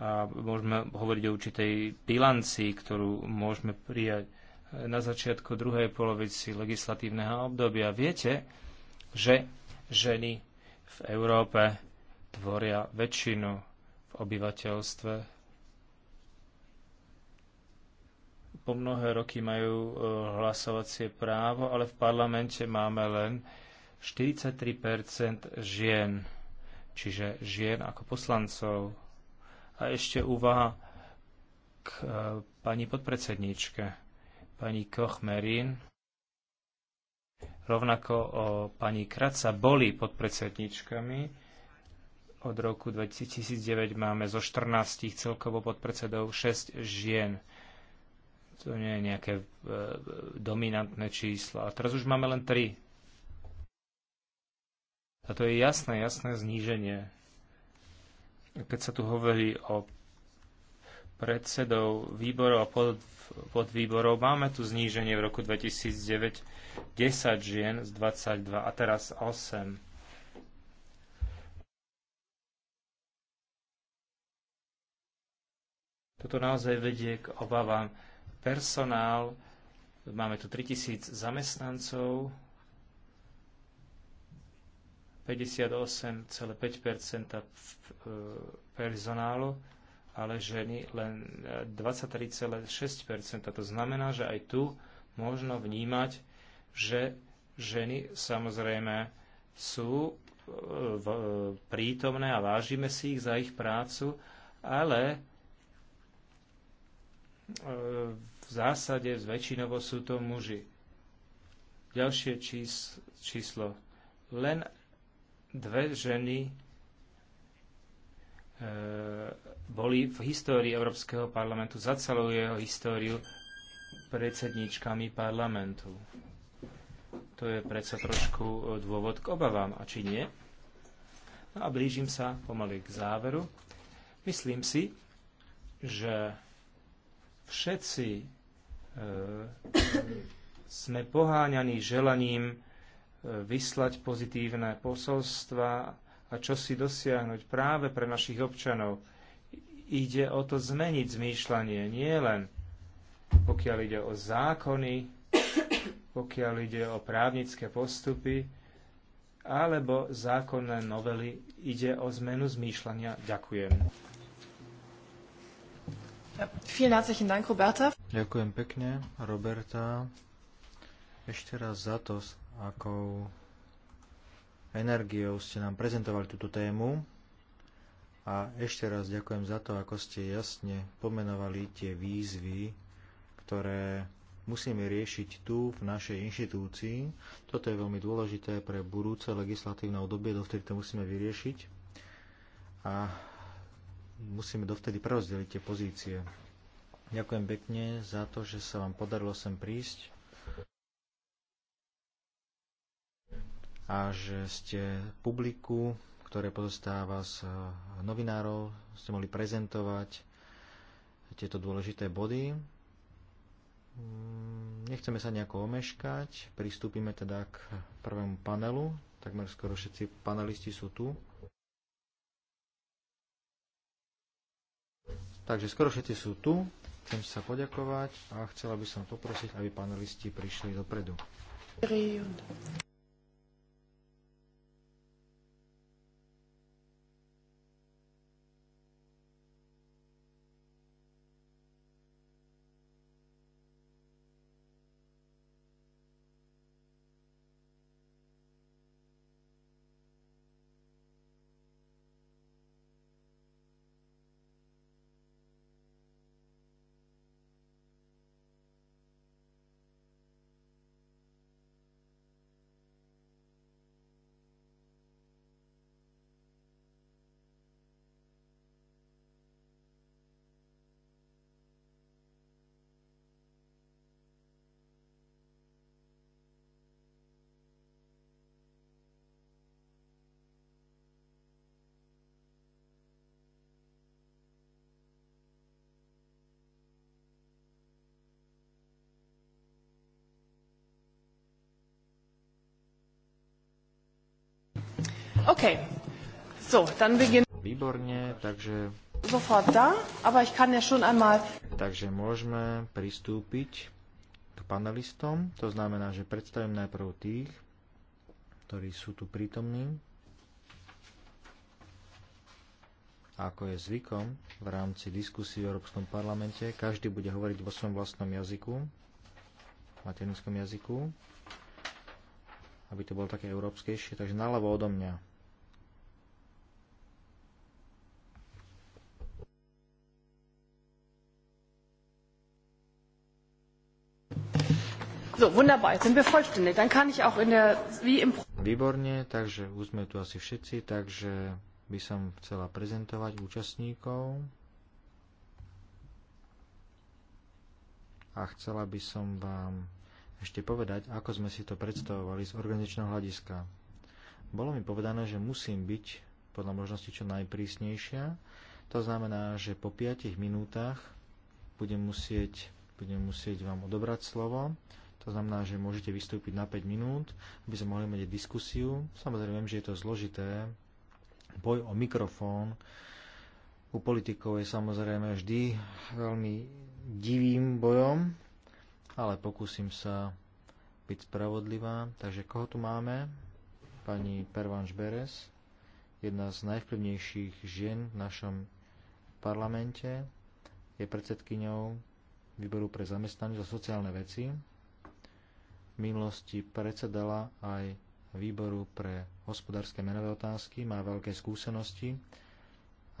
Speaker 3: a môžeme hovoriť o určitej bilancii, ktorú môžeme prijať na začiatku druhej polovici legislatívneho obdobia. Viete, že ženy v Európe tvoria väčšinu v obyvateľstve. Po mnohé roky majú e, hlasovacie právo, ale v parlamente máme len 43 žien, čiže žien ako poslancov. A ešte úvaha k e, pani podpredsedničke pani Kochmerin, rovnako o pani Kraca boli podpredsedničkami. Od roku 2009 máme zo 14 celkovo podpredsedov 6 žien. To nie je nejaké e, dominantné číslo. A teraz už máme len 3. A to je jasné, jasné zníženie. Keď sa tu hovorí o predsedov výborov a pod, Máme tu zníženie v roku 2009 10 žien z 22 a teraz 8. Toto naozaj vedie k obavám. Personál, máme tu 3000 zamestnancov, 58,5 e, personálu ale ženy len 23,6%. E, to znamená, že aj tu možno vnímať, že ženy samozrejme sú e, e, prítomné a vážime si ich za ich prácu, ale v zásade väčšinovo sú to muži. Ďalšie číslo. Len dve ženy E, boli v histórii Európskeho parlamentu za celú jeho históriu predsedníčkami parlamentu. To je predsa trošku e, dôvod k obavám, a či nie? No a blížim sa pomaly k záveru. Myslím si, že všetci e, sme poháňaní želaním e, vyslať pozitívne posolstva a čo si dosiahnuť práve pre našich občanov. Ide o to zmeniť zmýšľanie, nie len pokiaľ ide o zákony, pokiaľ ide o právnické postupy, alebo zákonné novely. Ide o zmenu zmýšľania. Ďakujem.
Speaker 2: Ďakujem pekne, Roberta. Ešte raz za to, ako energiou ste nám prezentovali túto tému a ešte raz ďakujem za to, ako ste jasne pomenovali tie výzvy, ktoré musíme riešiť tu v našej inštitúcii. Toto je veľmi dôležité pre budúce legislatívne obdobie, dovtedy to musíme vyriešiť a musíme dovtedy prerozdeliť tie pozície. Ďakujem pekne za to, že sa vám podarilo sem prísť. a že ste publiku, ktoré pozostáva z eh, novinárov, ste mohli prezentovať tieto dôležité body. Mm, nechceme sa nejako omeškať, pristúpime teda k prvému panelu. Takmer skoro všetci panelisti sú tu. Takže skoro všetci sú tu. Chcem sa poďakovať a chcela by som poprosiť, aby panelisti prišli dopredu.
Speaker 1: Reunion. So, dann beginn...
Speaker 2: Výborne, takže...
Speaker 1: Sofort da, aber ich kann ja schon einmal...
Speaker 2: Takže môžeme pristúpiť k panelistom. To znamená, že predstavím najprv tých, ktorí sú tu prítomní. Ako je zvykom v rámci diskusí v Európskom parlamente, každý bude hovoriť vo svojom vlastnom jazyku, materinskom jazyku, aby to bolo také európskejšie. Takže naľavo odo mňa
Speaker 1: So, wunderbar, jetzt sind wir vollständig. Dann kann ich auch in der, wie im...
Speaker 2: Výborne, takže už sme tu asi všetci, takže by som chcela prezentovať účastníkov. A chcela by som vám ešte povedať, ako sme si to predstavovali z organizačného hľadiska. Bolo mi povedané, že musím byť podľa možnosti čo najprísnejšia. To znamená, že po 5 minútach budem musieť, budem musieť vám odobrať slovo to znamená, že môžete vystúpiť na 5 minút, aby sme mohli mať diskusiu. Samozrejme, viem, že je to zložité. Boj o mikrofón u politikov je samozrejme vždy veľmi divým bojom, ale pokúsim sa byť spravodlivá. Takže koho tu máme? Pani Pervanš Beres, jedna z najvplyvnejších žien v našom parlamente, je predsedkyňou výboru pre zamestnanie a sociálne veci minulosti predsedala aj výboru pre hospodárske menové otázky, má veľké skúsenosti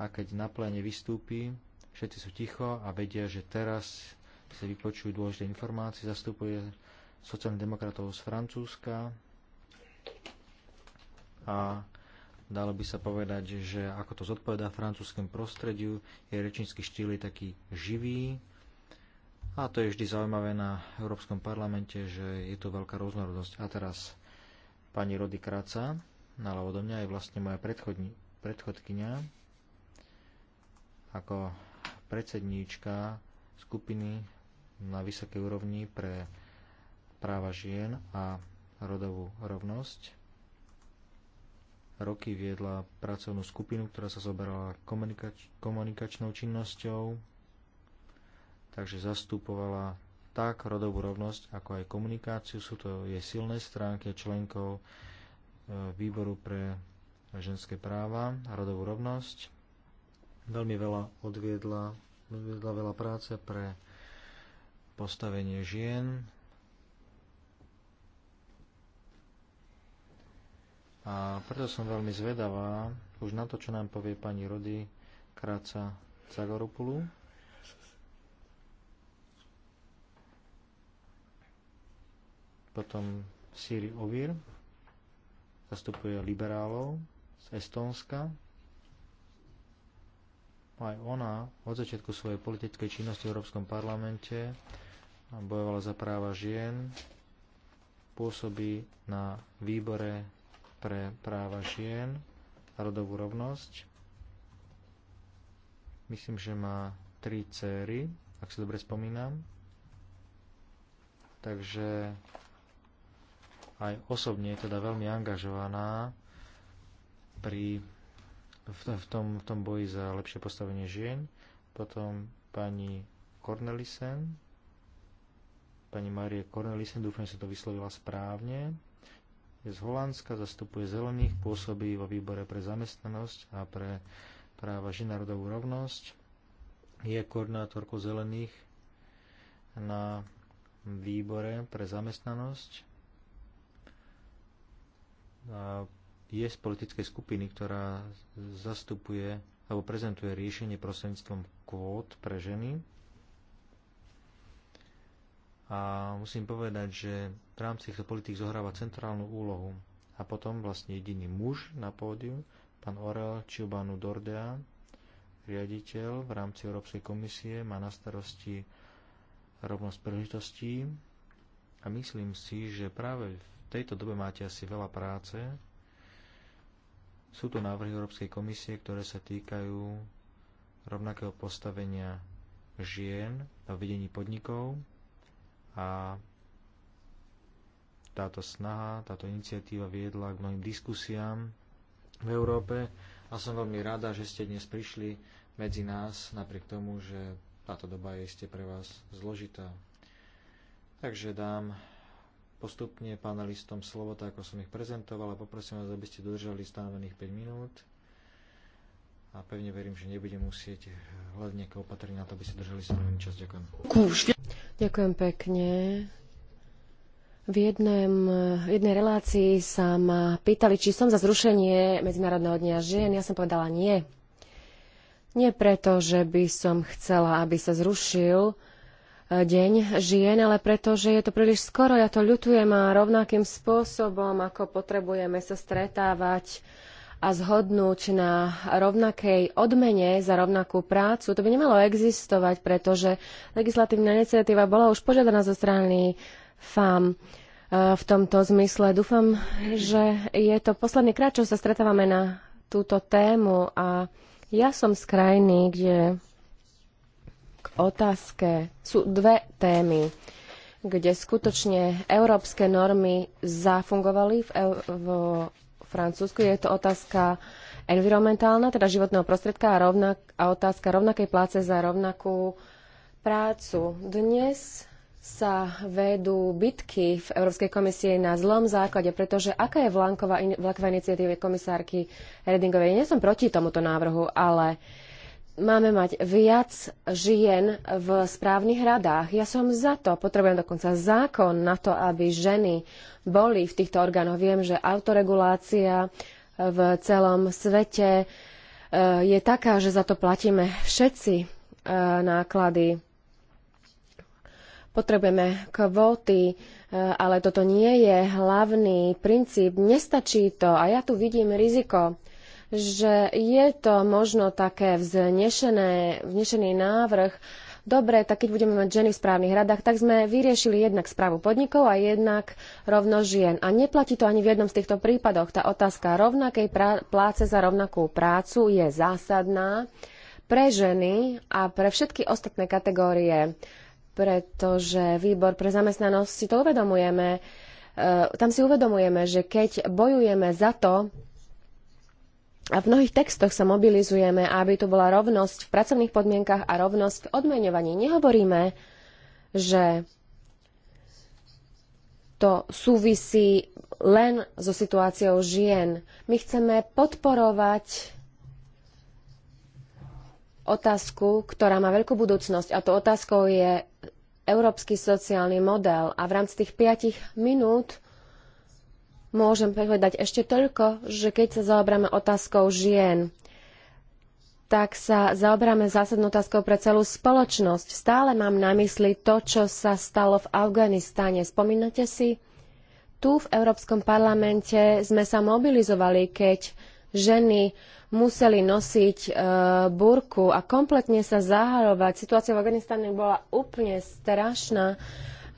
Speaker 2: a keď na pléne vystúpi, všetci sú ticho a vedia, že teraz si vypočujú dôležité informácie, zastupuje sociálnych demokratov z Francúzska a dalo by sa povedať, že ako to zodpovedá francúzskému prostrediu, je rečnícky štýl je taký živý, a to je vždy zaujímavé na Európskom parlamente, že je tu veľká rôznorodosť. A teraz pani Rody Kráca, naľavo do mňa je vlastne moja predchodkynia ako predsedníčka skupiny na vysokej úrovni pre práva žien a rodovú rovnosť. Roky viedla pracovnú skupinu, ktorá sa zoberala komunikač- komunikačnou činnosťou, takže zastupovala tak rodovú rovnosť, ako aj komunikáciu. Sú to jej silné stránky členkov e, výboru pre ženské práva a rodovú rovnosť. Veľmi veľa odviedla, odviedla veľa práce pre postavenie žien a preto som veľmi zvedavá už na to, čo nám povie pani Rody Kráca Zagorupulu. potom Siri Ovir, zastupuje liberálov z Estónska. No aj ona od začiatku svojej politickej činnosti v Európskom parlamente bojovala za práva žien, pôsobí na výbore pre práva žien a rodovú rovnosť. Myslím, že má tri céry, ak si dobre spomínam. Takže aj osobne je teda veľmi angažovaná pri, v, v, tom, v tom boji za lepšie postavenie žien. Potom pani Cornelissen, pani Marie Cornelissen, dúfam, že sa to vyslovila správne, je z Holandska, zastupuje zelených, pôsobí vo výbore pre zamestnanosť a pre práva žinárodovú rovnosť. Je koordinátorkou zelených na výbore pre zamestnanosť je z politickej skupiny, ktorá zastupuje alebo prezentuje riešenie prostredníctvom kvót pre ženy. A musím povedať, že v rámci týchto politik zohráva centrálnu úlohu. A potom vlastne jediný muž na pódiu, pán Orel Čiubanu Dordea, riaditeľ v rámci Európskej komisie, má na starosti rovnosť príležitostí a myslím si, že práve v tejto dobe máte asi veľa práce. Sú tu návrhy Európskej komisie, ktoré sa týkajú rovnakého postavenia žien na vedení podnikov a táto snaha, táto iniciatíva viedla k mnohým diskusiám v Európe a som veľmi rada, že ste dnes prišli medzi nás, napriek tomu, že táto doba je iste pre vás zložitá. Takže dám postupne panelistom slovo, tak ako som ich prezentoval a poprosím vás, aby ste dodržali stanovených 5 minút a pevne verím, že nebudem musieť hľadať nejaké opatrenia na to, aby ste držali stanovený čas. Ďakujem.
Speaker 1: Ďakujem pekne. V jednom, jednej relácii sa ma pýtali, či som za zrušenie Medzinárodného dňa žien. Ja som povedala nie. Nie preto, že by som chcela, aby sa zrušil, deň žien, ale pretože je to príliš skoro, ja to ľutujem a rovnakým spôsobom, ako potrebujeme sa stretávať a zhodnúť na rovnakej odmene za rovnakú prácu, to by nemalo existovať, pretože legislatívna iniciatíva bola už požiadaná zo strany FAM e, v tomto zmysle. Dúfam, že je to posledný krát, čo sa stretávame na túto tému a ja som z krajiny, kde k otázke. Sú dve témy, kde skutočne európske normy zafungovali v, v Francúzsku. Je to otázka environmentálna, teda životného prostredka a, rovnak, a otázka rovnakej pláce za rovnakú prácu. Dnes sa vedú bitky v Európskej komisie na zlom základe, pretože aká je vlanková, in, iniciatíva komisárky Redingovej? Nie som proti tomuto návrhu, ale máme mať viac žien v správnych radách. Ja som za to. Potrebujem dokonca zákon na to, aby ženy boli v týchto orgánoch. Viem, že autoregulácia v celom svete e, je taká, že za to platíme všetci e, náklady. Potrebujeme kvóty, e, ale toto nie je hlavný princíp. Nestačí to a ja tu vidím riziko že je to možno také vznešené, vznešený návrh. Dobre, tak keď budeme mať ženy v správnych radách, tak sme vyriešili jednak správu podnikov a jednak rovno žien. A neplatí to ani v jednom z týchto prípadoch. Tá otázka rovnakej pláce za rovnakú prácu je zásadná pre ženy a pre všetky ostatné kategórie, pretože výbor pre zamestnanosť si to uvedomujeme, e, tam si uvedomujeme, že keď bojujeme za to, a v mnohých textoch sa mobilizujeme, aby tu bola rovnosť v pracovných podmienkach a rovnosť v odmeňovaní. Nehovoríme, že to súvisí len so situáciou žien. My chceme podporovať otázku, ktorá má veľkú budúcnosť a to otázkou je európsky sociálny model. A v rámci tých piatich minút môžem povedať ešte toľko, že keď sa zaoberáme otázkou žien, tak sa zaoberáme zásadnou otázkou pre celú spoločnosť. Stále mám na mysli to, čo sa stalo v Afganistane. Spomínate si? Tu v Európskom parlamente sme sa mobilizovali, keď ženy museli nosiť e, burku a kompletne sa zahalovať. Situácia v Afganistane bola úplne strašná e,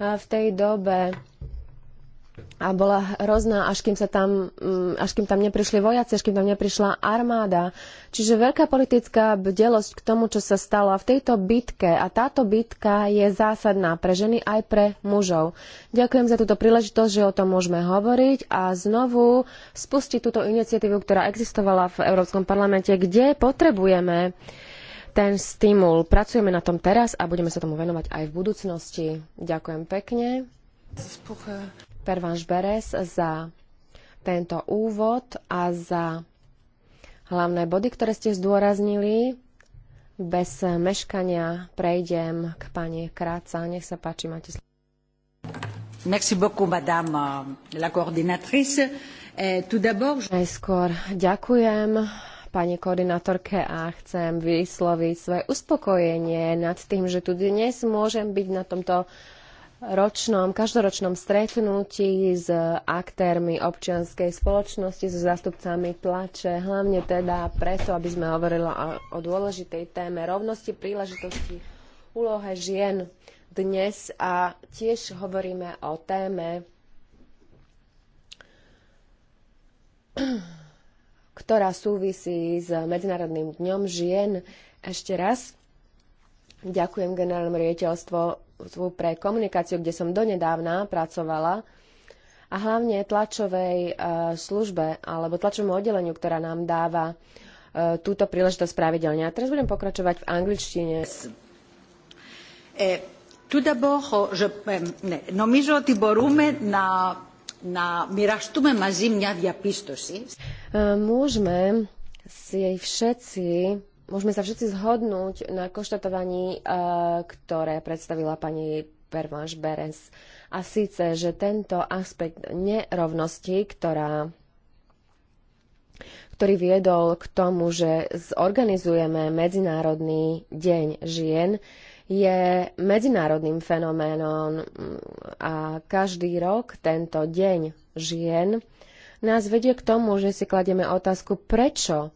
Speaker 1: v tej dobe a bola hrozná, až kým, sa tam, mm, až kým tam neprišli vojaci, až kým tam neprišla armáda. Čiže veľká politická bdelosť k tomu, čo sa stalo v tejto bitke. A táto bitka je zásadná pre ženy aj pre mužov. Ďakujem za túto príležitosť, že o tom môžeme hovoriť a znovu spustiť túto iniciatívu, ktorá existovala v Európskom parlamente, kde potrebujeme ten stimul. Pracujeme na tom teraz a budeme sa tomu venovať aj v budúcnosti. Ďakujem pekne. Euh, Pervanš Beres za tento úvod a za hlavné body, ktoré ste zdôraznili. Bez meškania prejdem k pani Kráca. Nech sa páči, máte slovo. Merci beaucoup, madame euh, la coordinatrice. Euh, tout d'abord... Najskôr ďakujem pani koordinátorke a chcem vysloviť svoje uspokojenie nad tým, že tu dnes môžem byť na tomto ročnom, každoročnom stretnutí s aktérmi občianskej spoločnosti, so zástupcami tlače, hlavne teda preto, aby sme hovorili o, o dôležitej téme rovnosti príležitosti úlohe žien dnes a tiež hovoríme o téme, ktorá súvisí s Medzinárodným dňom žien. Ešte raz ďakujem generálnemu riaditeľstvu úzvu pre komunikáciu, kde som donedávna pracovala a hlavne tlačovej e, službe alebo tlačovému oddeleniu, ktorá nám dáva e, túto príležitosť pravidelne. A teraz budem pokračovať v angličtine. E, Tout d'abord, je, no Môžeme si všetci Môžeme sa všetci zhodnúť na konštatovaní, e, ktoré predstavila pani Pervanš Beres. A síce, že tento aspekt nerovnosti, ktorá ktorý viedol k tomu, že zorganizujeme Medzinárodný deň žien, je medzinárodným fenoménom a každý rok tento deň žien nás vedie k tomu, že si kladieme otázku, prečo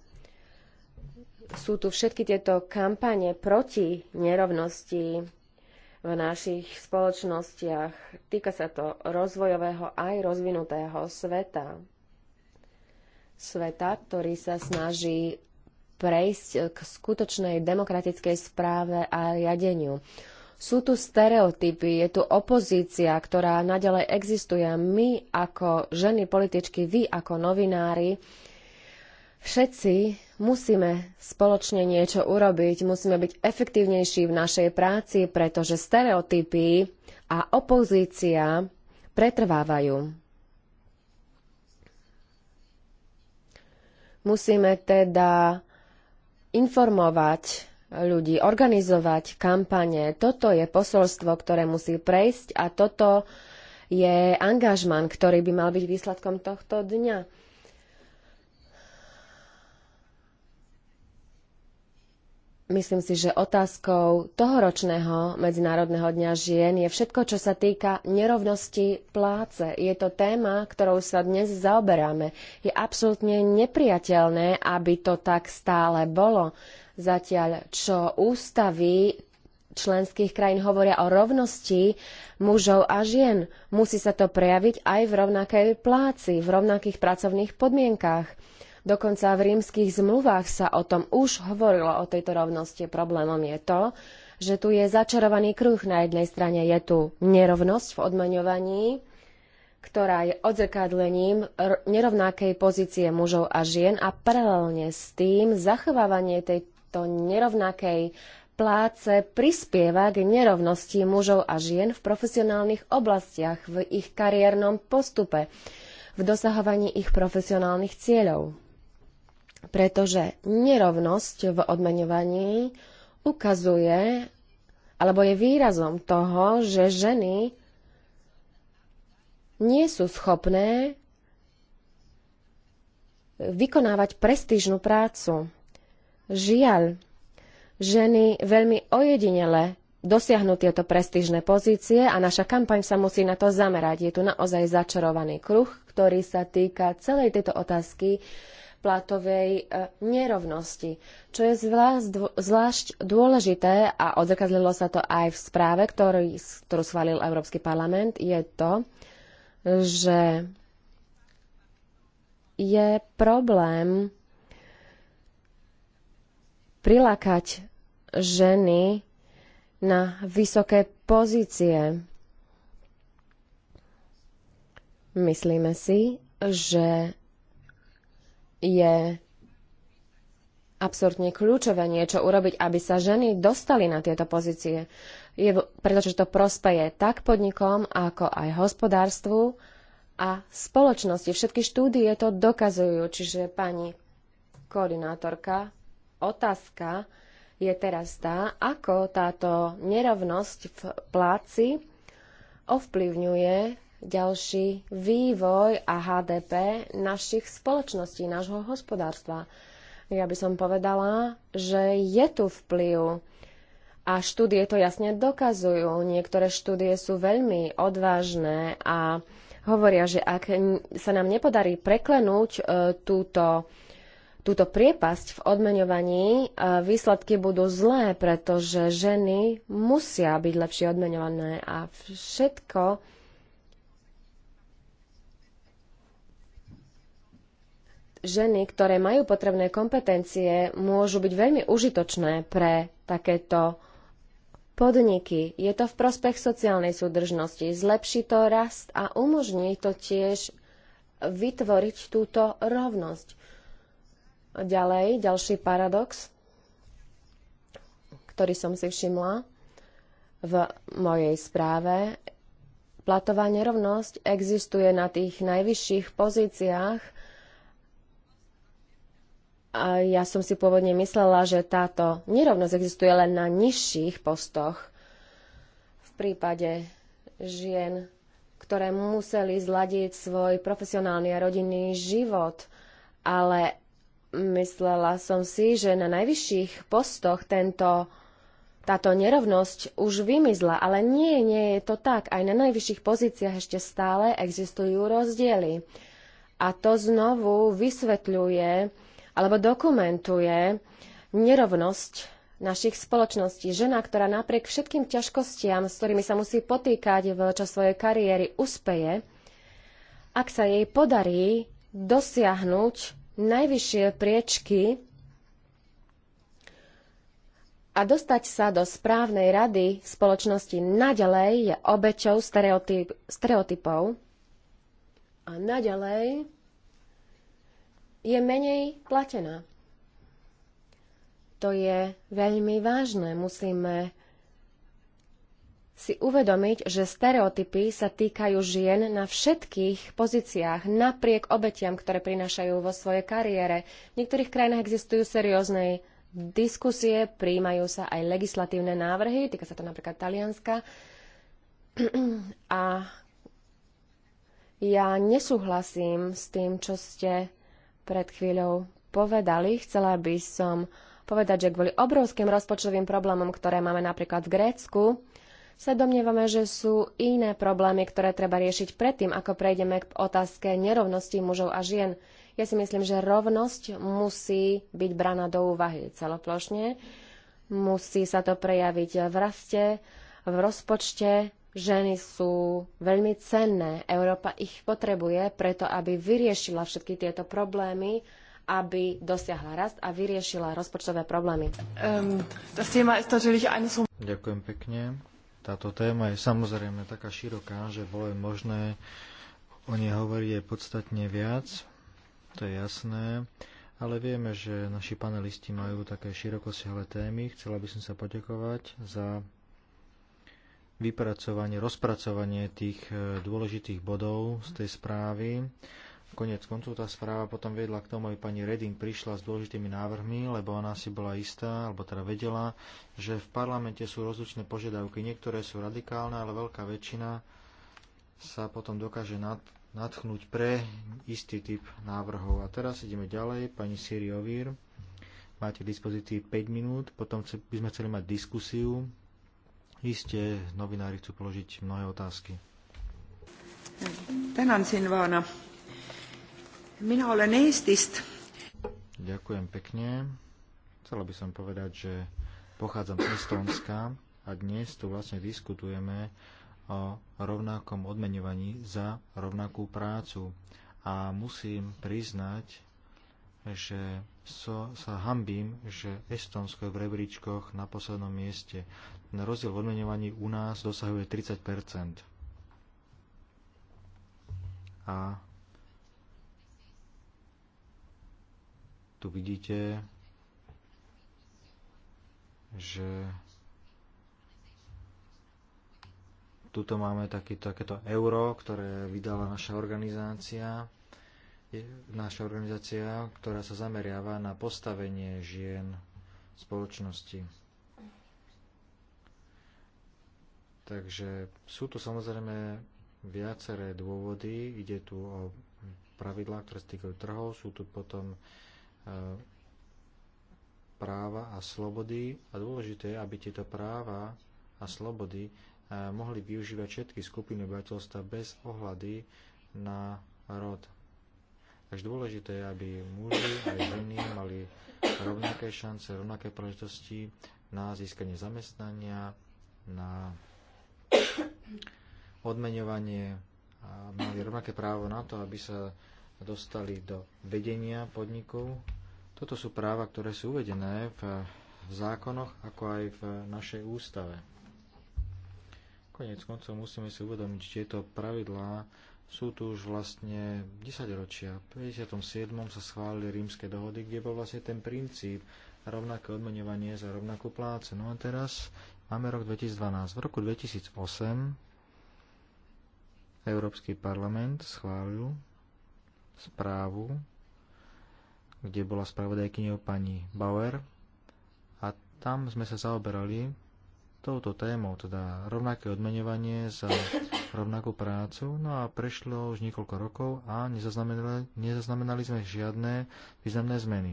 Speaker 1: sú tu všetky tieto kampane proti nerovnosti v našich spoločnostiach. Týka sa to rozvojového aj rozvinutého sveta. Sveta, ktorý sa snaží prejsť k skutočnej demokratickej správe a riadeniu. Sú tu stereotypy, je tu opozícia, ktorá nadalej existuje. My ako ženy političky, vy ako novinári, všetci Musíme spoločne niečo urobiť, musíme byť efektívnejší v našej práci, pretože stereotypy a opozícia pretrvávajú. Musíme teda informovať ľudí, organizovať kampane. Toto je posolstvo, ktoré musí prejsť a toto je angažman, ktorý by mal byť výsledkom tohto dňa Myslím si, že otázkou tohoročného Medzinárodného dňa žien je všetko, čo sa týka nerovnosti pláce. Je to téma, ktorou sa dnes zaoberáme. Je absolútne nepriateľné, aby to tak stále bolo. Zatiaľ, čo ústavy členských krajín hovoria o rovnosti mužov a žien, musí sa to prejaviť aj v rovnakej pláci, v rovnakých pracovných podmienkách. Dokonca v rímskych zmluvách sa o tom už hovorilo, o tejto rovnosti. Problémom je to, že tu je začarovaný kruh. Na jednej strane je tu nerovnosť v odmaňovaní, ktorá je odzrkadlením nerovnakej pozície mužov a žien a paralelne s tým zachovávanie tejto nerovnakej pláce prispieva k nerovnosti mužov a žien v profesionálnych oblastiach, v ich kariérnom postupe, v dosahovaní ich profesionálnych cieľov pretože nerovnosť v odmeňovaní ukazuje alebo je výrazom toho, že ženy nie sú schopné vykonávať prestížnu prácu. Žiaľ, ženy veľmi ojedinele dosiahnu tieto prestížne pozície a naša kampaň sa musí na to zamerať. Je tu naozaj začarovaný kruh, ktorý sa týka celej tejto otázky platovej e, nerovnosti, čo je zvlášť dôležité a odzrkadlilo sa to aj v správe, ktorý, ktorú schválil Európsky parlament, je to, že je problém prilákať ženy na vysoké pozície. Myslíme si, že je absolútne kľúčové niečo urobiť, aby sa ženy dostali na tieto pozície. Je, pretože to prospeje tak podnikom, ako aj hospodárstvu a spoločnosti. Všetky štúdie to dokazujú. Čiže pani koordinátorka, otázka je teraz tá, ako táto nerovnosť v pláci ovplyvňuje ďalší vývoj a HDP našich spoločností, nášho hospodárstva. Ja by som povedala, že je tu vplyv a štúdie to jasne dokazujú. Niektoré štúdie sú veľmi odvážne a hovoria, že ak sa nám nepodarí preklenúť e, túto, túto priepasť v odmeňovaní, e, výsledky budú zlé, pretože ženy musia byť lepšie odmeňované a všetko, ženy, ktoré majú potrebné kompetencie, môžu byť veľmi užitočné pre takéto podniky. Je to v prospech sociálnej súdržnosti. Zlepší to rast a umožní to tiež vytvoriť túto rovnosť. Ďalej, ďalší paradox, ktorý som si všimla v mojej správe. Platová nerovnosť existuje na tých najvyšších pozíciách a ja som si pôvodne myslela, že táto nerovnosť existuje len na nižších postoch v prípade žien, ktoré museli zladiť svoj profesionálny a rodinný život. Ale myslela som si, že na najvyšších postoch tento táto nerovnosť už vymizla, ale nie, nie je to tak. Aj na najvyšších pozíciách ešte stále existujú rozdiely. A to znovu vysvetľuje alebo dokumentuje nerovnosť našich spoločností. Žena, ktorá napriek všetkým ťažkostiam, s ktorými sa musí potýkať v čas svojej kariéry, uspeje, ak sa jej podarí dosiahnuť najvyššie priečky a dostať sa do správnej rady spoločnosti naďalej je obeťou stereotyp, stereotypov a naďalej je menej platená. To je veľmi vážne. Musíme si uvedomiť, že stereotypy sa týkajú žien na všetkých pozíciách, napriek obetiam, ktoré prinášajú vo svojej kariére. V niektorých krajinách existujú seriózne diskusie, príjmajú sa aj legislatívne návrhy, týka sa to napríklad Talianska. A ja nesúhlasím s tým, čo ste pred chvíľou povedali, chcela by som povedať, že kvôli obrovským rozpočtovým problémom, ktoré máme napríklad v Grécku, sa domnievame, že sú iné problémy, ktoré treba riešiť predtým, ako prejdeme k otázke nerovnosti mužov a žien. Ja si myslím, že rovnosť musí byť braná do úvahy celoplošne. Musí sa to prejaviť v raste, v rozpočte, Ženy sú veľmi cenné. Európa ich potrebuje preto, aby vyriešila všetky tieto problémy, aby dosiahla rast a vyriešila rozpočtové problémy. Um,
Speaker 2: Ďakujem pekne. Táto téma je samozrejme taká široká, že bolo možné o nej hovoriť aj podstatne viac. To je jasné ale vieme, že naši panelisti majú také širokosiahle témy. Chcela by som sa poďakovať za vypracovanie, rozpracovanie tých e, dôležitých bodov z tej správy. Konec koncov tá správa potom viedla k tomu, aby pani Reding prišla s dôležitými návrhmi, lebo ona si bola istá, alebo teda vedela, že v parlamente sú rozličné požiadavky. Niektoré sú radikálne, ale veľká väčšina sa potom dokáže nad, nadchnúť pre istý typ návrhov. A teraz ideme ďalej. Pani Siri Ovír, máte k dispozícii 5 minút, potom by sme chceli mať diskusiu Isté, novinári chcú položiť mnohé otázky.
Speaker 1: Tänan olen Eestist.
Speaker 2: Ďakujem pekne. Chcela by som povedať, že pochádzam z Estónska a dnes tu vlastne diskutujeme o rovnakom odmenovaní za rovnakú prácu. A musím priznať, že so, sa hambím, že Estonsko je v rebríčkoch na poslednom mieste. Ten rozdiel v odmenovaní u nás dosahuje 30 A tu vidíte, že tuto máme taký, takéto euro, ktoré vydala naša organizácia je naša organizácia, ktorá sa zameriava na postavenie žien v spoločnosti. Takže sú tu samozrejme viaceré dôvody. Ide tu o pravidlá, ktoré týkajú trhov, sú tu potom e, práva a slobody a dôležité je, aby tieto práva a slobody e, mohli využívať všetky skupiny obyvateľstva bez ohľady na rod. Takže dôležité je, aby muži aj ženy mali rovnaké šance, rovnaké príležitosti na získanie zamestnania, na odmeňovanie a mali rovnaké právo na to, aby sa dostali do vedenia podnikov. Toto sú práva, ktoré sú uvedené v zákonoch, ako aj v našej ústave. Konec koncov musíme si uvedomiť, že tieto pravidlá sú tu už vlastne 10 ročia. V 57. sa schválili rímske dohody, kde bol vlastne ten princíp rovnaké odmenovanie za rovnakú plácu. No a teraz máme rok 2012. V roku 2008 Európsky parlament schválil správu, kde bola spravodajkyňou pani Bauer a tam sme sa zaoberali touto témou, teda rovnaké odmenovanie za rovnakú prácu. No a prešlo už niekoľko rokov a nezaznamenali, nezaznamenali sme žiadne významné zmeny.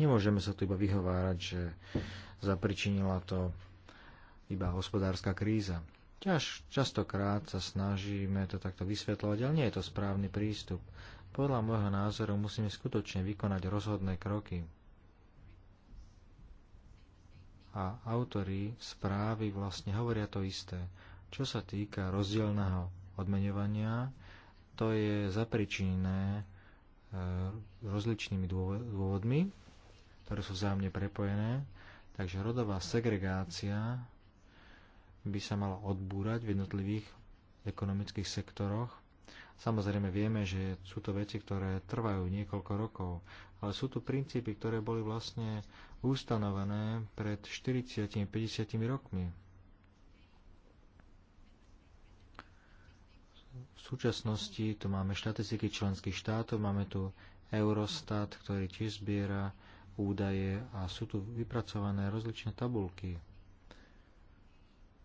Speaker 2: Nemôžeme sa tu iba vyhovárať, že zapričinila to iba hospodárska kríza. Ťaž, častokrát sa snažíme to takto vysvetľovať, ale nie je to správny prístup. Podľa môjho názoru musíme skutočne vykonať rozhodné kroky a autori správy vlastne hovoria to isté. Čo sa týka rozdielného odmeňovania, to je zapričinené e, rozličnými dôvodmi, ktoré sú vzájomne prepojené. Takže rodová segregácia by sa mala odbúrať v jednotlivých ekonomických sektoroch. Samozrejme vieme, že sú to veci, ktoré trvajú niekoľko rokov ale sú tu princípy, ktoré boli vlastne ustanovené pred 40-50 rokmi. V súčasnosti tu máme štatistiky členských štátov, máme tu Eurostat, ktorý tiež zbiera údaje a sú tu vypracované rozličné tabulky.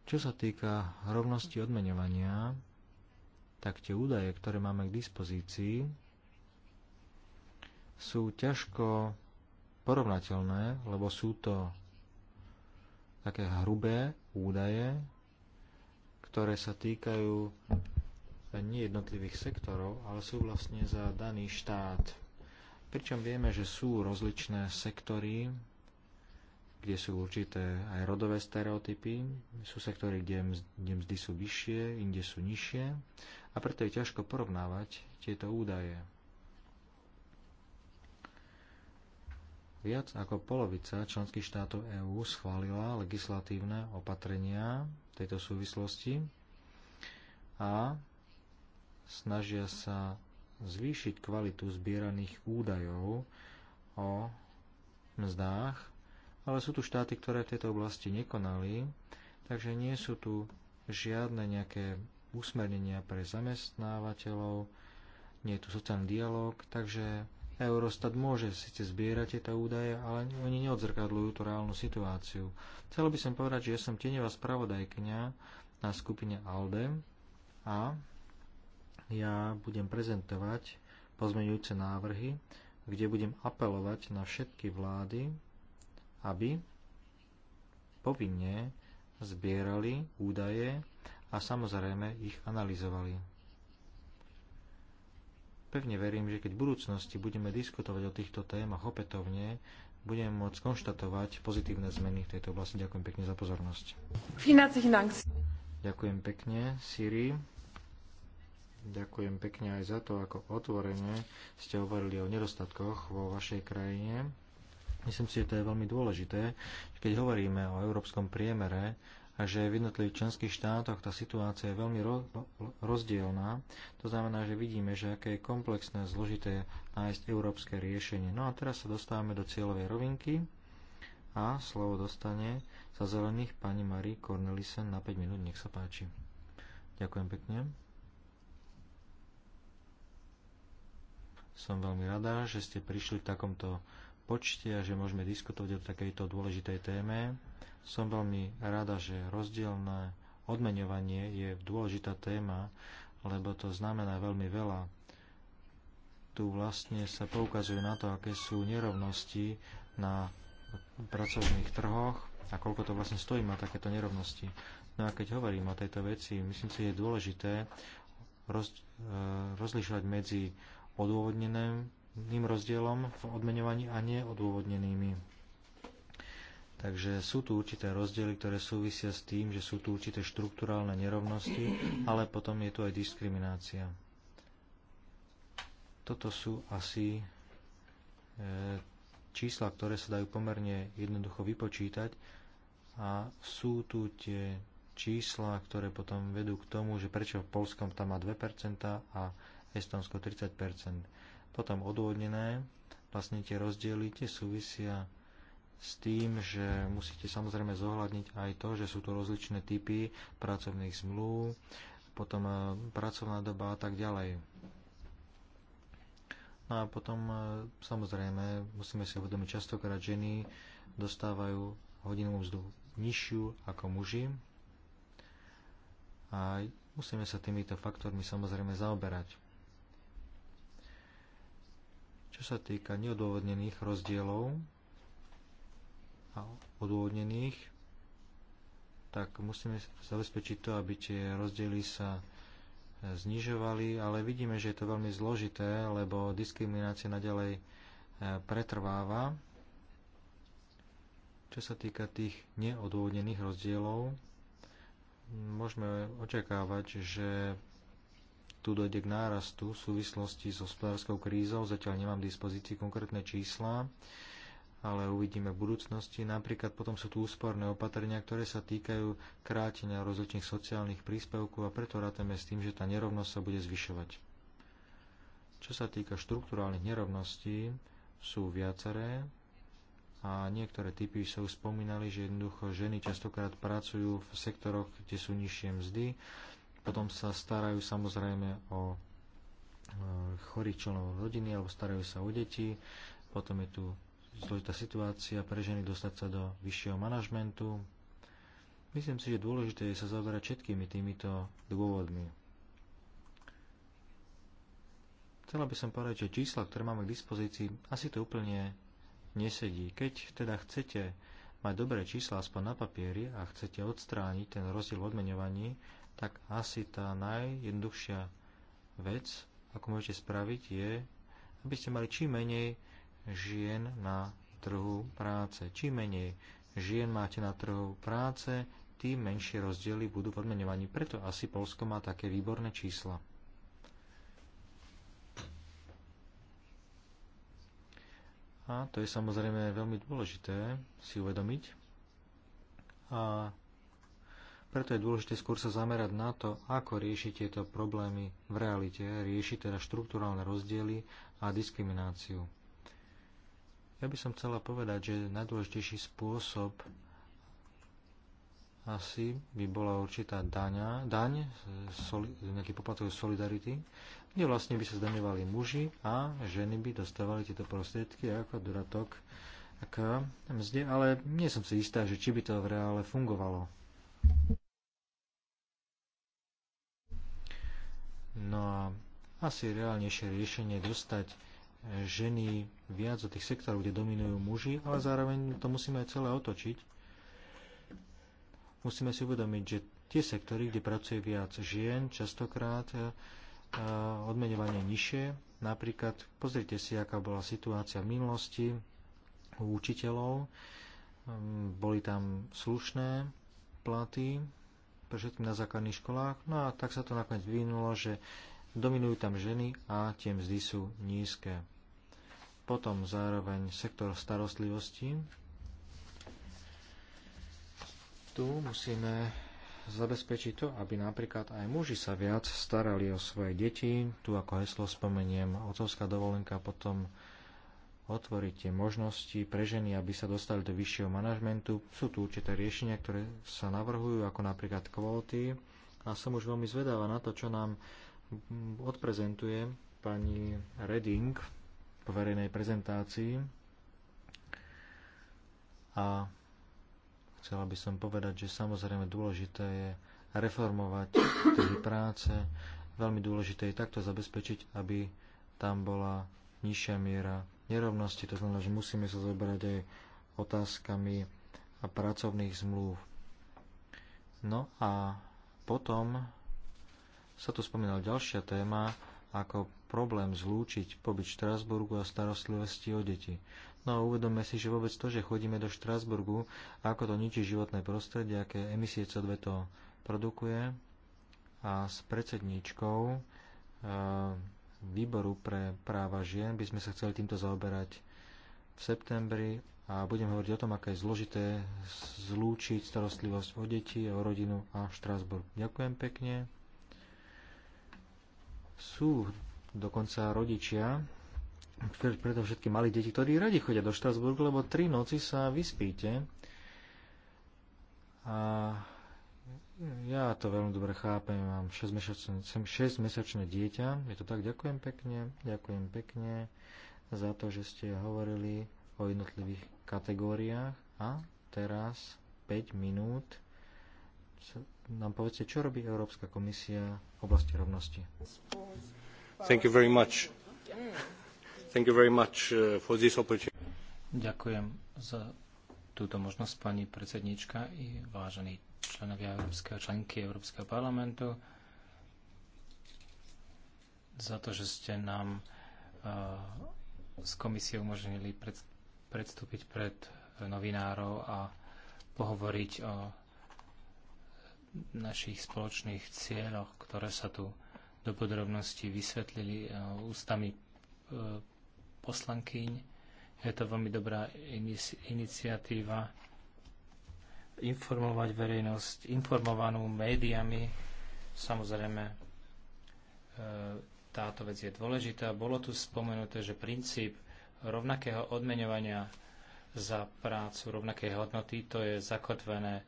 Speaker 2: Čo sa týka rovnosti odmeňovania, tak tie údaje, ktoré máme k dispozícii, sú ťažko porovnateľné, lebo sú to také hrubé údaje, ktoré sa týkajú nie jednotlivých sektorov, ale sú vlastne za daný štát. Pričom vieme, že sú rozličné sektory, kde sú určité aj rodové stereotypy, sú sektory, kde, kde mzdy sú vyššie, inde sú nižšie a preto je ťažko porovnávať tieto údaje. Viac ako polovica členských štátov EÚ schválila legislatívne opatrenia v tejto súvislosti a snažia sa zvýšiť kvalitu zbieraných údajov o mzdách, ale sú tu štáty, ktoré v tejto oblasti nekonali, takže nie sú tu žiadne nejaké usmernenia pre zamestnávateľov, nie je tu sociálny dialog, takže Eurostat môže síce zbierať tieto údaje, ale oni neodzrkadľujú tú reálnu situáciu. Chcel by som povedať, že ja som tenevá spravodajkňa na skupine ALDE a ja budem prezentovať pozmeňujúce návrhy, kde budem apelovať na všetky vlády, aby povinne zbierali údaje a samozrejme ich analyzovali. Pevne verím, že keď v budúcnosti budeme diskutovať o týchto témach opätovne, budeme môcť konštatovať pozitívne zmeny v tejto oblasti. Ďakujem pekne za pozornosť. Ďakujem pekne, Siri. Ďakujem pekne aj za to, ako otvorene ste hovorili o nedostatkoch vo vašej krajine. Myslím si, že to je veľmi dôležité, keď hovoríme o európskom priemere že v jednotlivých členských štátoch tá situácia je veľmi rozdielná. To znamená, že vidíme, že aké je komplexné, zložité nájsť európske riešenie. No a teraz sa dostávame do cieľovej rovinky a slovo dostane za zelených pani Marie Cornelissen na 5 minút. Nech sa páči. Ďakujem pekne. Som veľmi rada, že ste prišli v takomto počte a že môžeme diskutovať o takejto dôležitej téme som veľmi rada, že rozdielne odmeňovanie je dôležitá téma, lebo to znamená veľmi veľa. Tu vlastne sa poukazuje na to, aké sú nerovnosti na pracovných trhoch a koľko to vlastne stojí ma takéto nerovnosti. No a keď hovorím o tejto veci, myslím si, že je dôležité roz, e, rozlišovať medzi odôvodneným rozdielom v odmenovaní a neodôvodnenými Takže sú tu určité rozdiely, ktoré súvisia s tým, že sú tu určité štruktúrálne nerovnosti, ale potom je tu aj diskriminácia. Toto sú asi e, čísla, ktoré sa dajú pomerne jednoducho vypočítať a sú tu tie čísla, ktoré potom vedú k tomu, že prečo v Polskom tam má 2% a Estonsko 30%. Potom odôvodnené, vlastne tie rozdiely, tie súvisia s tým, že musíte samozrejme zohľadniť aj to, že sú tu rozličné typy pracovných zmluv, potom e, pracovná doba a tak ďalej. No a potom e, samozrejme musíme si uvedomiť, častokrát ženy dostávajú hodinovú mzdu nižšiu ako muži a musíme sa týmito faktormi samozrejme zaoberať. Čo sa týka neodôvodnených rozdielov, a odôvodnených, tak musíme zabezpečiť to, aby tie rozdiely sa znižovali, ale vidíme, že je to veľmi zložité, lebo diskriminácia naďalej e, pretrváva. Čo sa týka tých neodôvodnených rozdielov, môžeme očakávať, že tu dojde k nárastu v súvislosti s so hospodárskou krízou. Zatiaľ nemám v dispozícii konkrétne čísla ale uvidíme v budúcnosti. Napríklad potom sú tu úsporné opatrenia, ktoré sa týkajú krátenia rozličných sociálnych príspevkov a preto rátame s tým, že tá nerovnosť sa bude zvyšovať. Čo sa týka štruktúrálnych nerovností, sú viaceré a niektoré typy sa už spomínali, že jednoducho ženy častokrát pracujú v sektoroch, kde sú nižšie mzdy, potom sa starajú samozrejme o e, chorých členov rodiny alebo starajú sa o deti, potom je tu zložitá situácia pre ženy dostať sa do vyššieho manažmentu. Myslím si, že dôležité je sa zaoberať všetkými týmito dôvodmi. Chcela by som povedať, že čísla, ktoré máme k dispozícii, asi to úplne nesedí. Keď teda chcete mať dobré čísla aspoň na papieri a chcete odstrániť ten rozdiel v odmeňovaní, tak asi tá najjednoduchšia vec, ako môžete spraviť, je, aby ste mali čím menej žien na trhu práce. Čím menej žien máte na trhu práce, tým menšie rozdiely budú v odmenovaní. Preto asi Polsko má také výborné čísla. A to je samozrejme veľmi dôležité si uvedomiť. A preto je dôležité skôr sa zamerať na to, ako riešiť tieto problémy v realite, riešiť teda štruktúrálne rozdiely a diskrimináciu. Ja by som chcela povedať, že najdôležitejší spôsob asi by bola určitá daňa, daň, soli, nejaký poplatok solidarity, kde vlastne by sa zdaňovali muži a ženy by dostávali tieto prostriedky ako dodatok k mzde, ale nie som si istá, že či by to v reále fungovalo. No a asi reálnejšie riešenie dostať ženy viac do tých sektorov, kde dominujú muži, ale zároveň to musíme aj celé otočiť. Musíme si uvedomiť, že tie sektory, kde pracuje viac žien, častokrát e, e, odmenovanie nižšie. Napríklad pozrite si, aká bola situácia v minulosti u učiteľov. Mm, boli tam slušné platy, pre všetkým na základných školách. No a tak sa to nakoniec vyvinulo, že Dominujú tam ženy a tie mzdy sú nízke. Potom zároveň sektor starostlivosti. Tu musíme zabezpečiť to, aby napríklad aj muži sa viac starali o svoje deti. Tu ako heslo spomeniem otcovská dovolenka, potom otvoriť tie možnosti pre ženy, aby sa dostali do vyššieho manažmentu. Sú tu určité riešenia, ktoré sa navrhujú, ako napríklad kvóty. A som už veľmi zvedáva na to, čo nám odprezentuje pani Reding po verejnej prezentácii a chcela by som povedať, že samozrejme dôležité je reformovať trhy práce. Veľmi dôležité je takto zabezpečiť, aby tam bola nižšia miera nerovnosti. To znamená, že musíme sa zobrať aj otázkami a pracovných zmluv. No a potom sa tu spomínala ďalšia téma, ako problém zlúčiť pobyt Štrásburgu a starostlivosti o deti. No a uvedome si, že vôbec to, že chodíme do Štrásburgu, ako to ničí životné prostredie, aké emisie CO2 to produkuje. A s predsedníčkou e, výboru pre práva žien by sme sa chceli týmto zaoberať v septembri a budem hovoriť o tom, aké je zložité zlúčiť starostlivosť o deti, o rodinu a Štrásburg. Ďakujem pekne. Sú dokonca rodičia, všetky mali deti, ktorí radi chodia do Štrasburgu, lebo tri noci sa vyspíte. A ja to veľmi dobre chápem, mám 6-mesačné, 6-mesačné dieťa, je to tak, ďakujem pekne, ďakujem pekne za to, že ste hovorili o jednotlivých kategóriách a teraz 5 minút nám povedzte, čo robí Európska komisia v oblasti rovnosti.
Speaker 3: Thank you very much.
Speaker 2: Thank you very much uh, for this opportunity.
Speaker 3: Ďakujem za túto možnosť, pani predsednička i vážení členovia Európskeho, členky Európskeho parlamentu, za to, že ste nám z uh, komisie umožnili predstúpiť pred novinárov a pohovoriť o našich spoločných cieľoch, ktoré sa tu do podrobnosti vysvetlili e, ústami e, poslankyň. Je to veľmi dobrá iniciatíva informovať verejnosť, informovanú médiami. Samozrejme, e, táto vec je dôležitá. Bolo tu spomenuté, že princíp rovnakého odmeňovania za prácu rovnakej hodnoty, to je zakotvené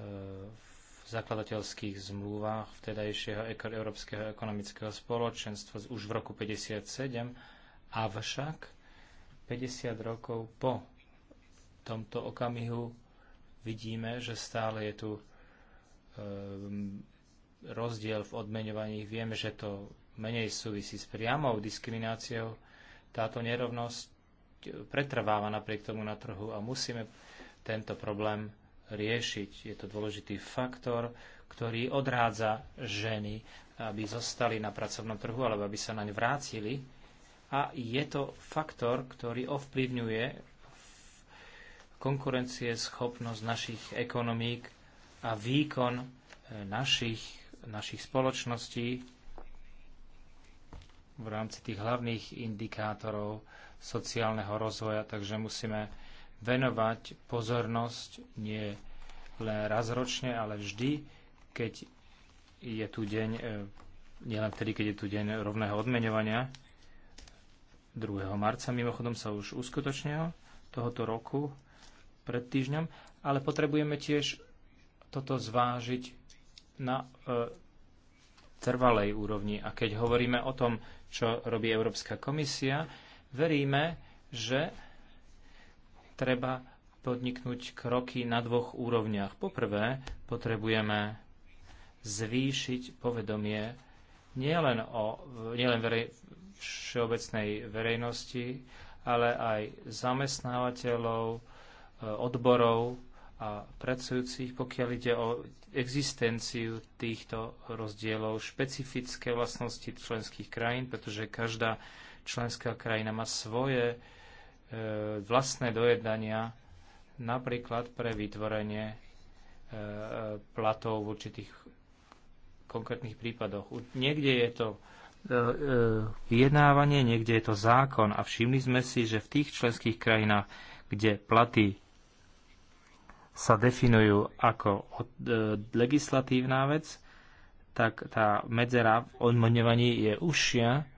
Speaker 3: v zakladateľských zmluvách vtedajšieho Európskeho ekonomického spoločenstva už v roku 57, avšak 50 rokov po tomto okamihu vidíme, že stále je tu ehm, rozdiel v odmeňovaní. Vieme, že to menej súvisí s priamou diskrimináciou. Táto nerovnosť eh, pretrváva napriek tomu na trhu a musíme tento problém riešiť. Je to dôležitý faktor, ktorý odrádza ženy, aby zostali na pracovnom trhu alebo aby sa naň vrátili. A je to faktor, ktorý ovplyvňuje schopnosť našich ekonomík a výkon e, našich, našich spoločností v rámci tých hlavných indikátorov sociálneho rozvoja. Takže musíme venovať pozornosť nie len raz ročne, ale vždy, keď je tu deň, e, nielen vtedy, keď je tu deň rovného odmeňovania, 2. marca, mimochodom sa už uskutočnil tohoto roku, pred týždňom, ale potrebujeme tiež toto zvážiť na e, trvalej úrovni. A keď hovoríme o tom, čo robí Európska komisia, veríme, že treba podniknúť kroky na dvoch úrovniach. Poprvé, potrebujeme zvýšiť povedomie nielen, o, nielen verej, všeobecnej verejnosti, ale aj zamestnávateľov, e, odborov a pracujúcich, pokiaľ ide o existenciu týchto rozdielov, špecifické vlastnosti členských krajín, pretože každá členská krajina má svoje E, vlastné dojednania napríklad pre vytvorenie e, e, platov v určitých konkrétnych prípadoch. Niekde je to vyjednávanie, niekde je to zákon a všimli sme si, že v tých členských krajinách, kde platy sa definujú ako legislatívna vec, tak tá medzera v odmenovaní je užšia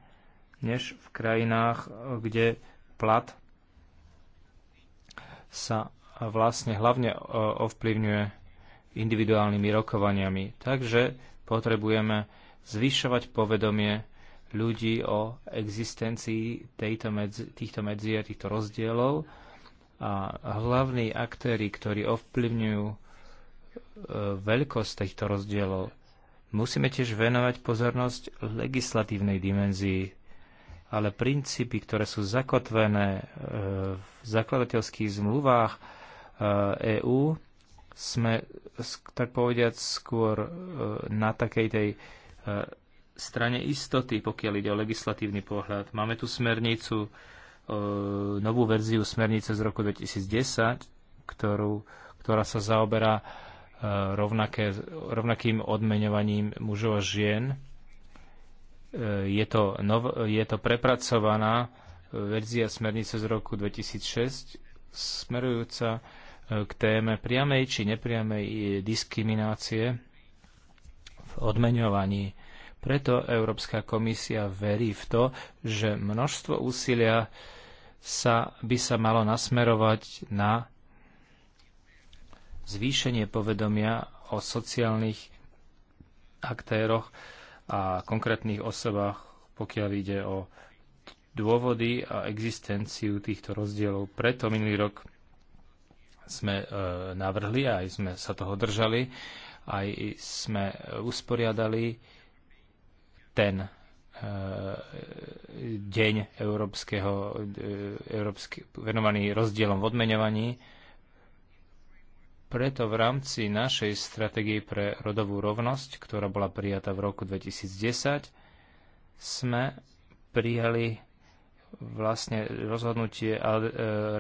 Speaker 3: než v krajinách, kde plat sa vlastne hlavne e, ovplyvňuje individuálnymi rokovaniami. Takže potrebujeme zvyšovať povedomie ľudí o existencii tejto medzi, týchto medzier, týchto rozdielov a hlavní aktéry, ktorí ovplyvňujú e, veľkosť týchto rozdielov, musíme tiež venovať pozornosť legislatívnej dimenzii ale princípy, ktoré sú zakotvené e, v zakladateľských zmluvách EÚ, e sme, tak povediať, skôr e, na takej tej strane istoty, pokiaľ ide o legislatívny pohľad. Máme tu smernicu, novú verziu smernice z roku 2010, ktorú, ktorá sa zaoberá rovnaké, rovnakým odmeňovaním mužov a žien E, je to, nov, je to prepracovaná e, verzia smernice z roku 2006 smerujúca e, k téme priamej či nepriamej diskriminácie v odmeňovaní. Preto Európska komisia verí v to, že množstvo úsilia sa, by sa malo nasmerovať na zvýšenie povedomia o sociálnych aktéroch, a konkrétnych osobách, pokiaľ ide o dôvody a existenciu týchto rozdielov. Preto minulý rok sme e, navrhli, aj sme sa toho držali, aj sme usporiadali ten e, deň európskeho, e, európske, venovaný rozdielom v odmeňovaní. Preto v rámci našej stratégie pre rodovú rovnosť, ktorá bola prijatá v roku 2010, sme prijali vlastne rozhodnutie a e,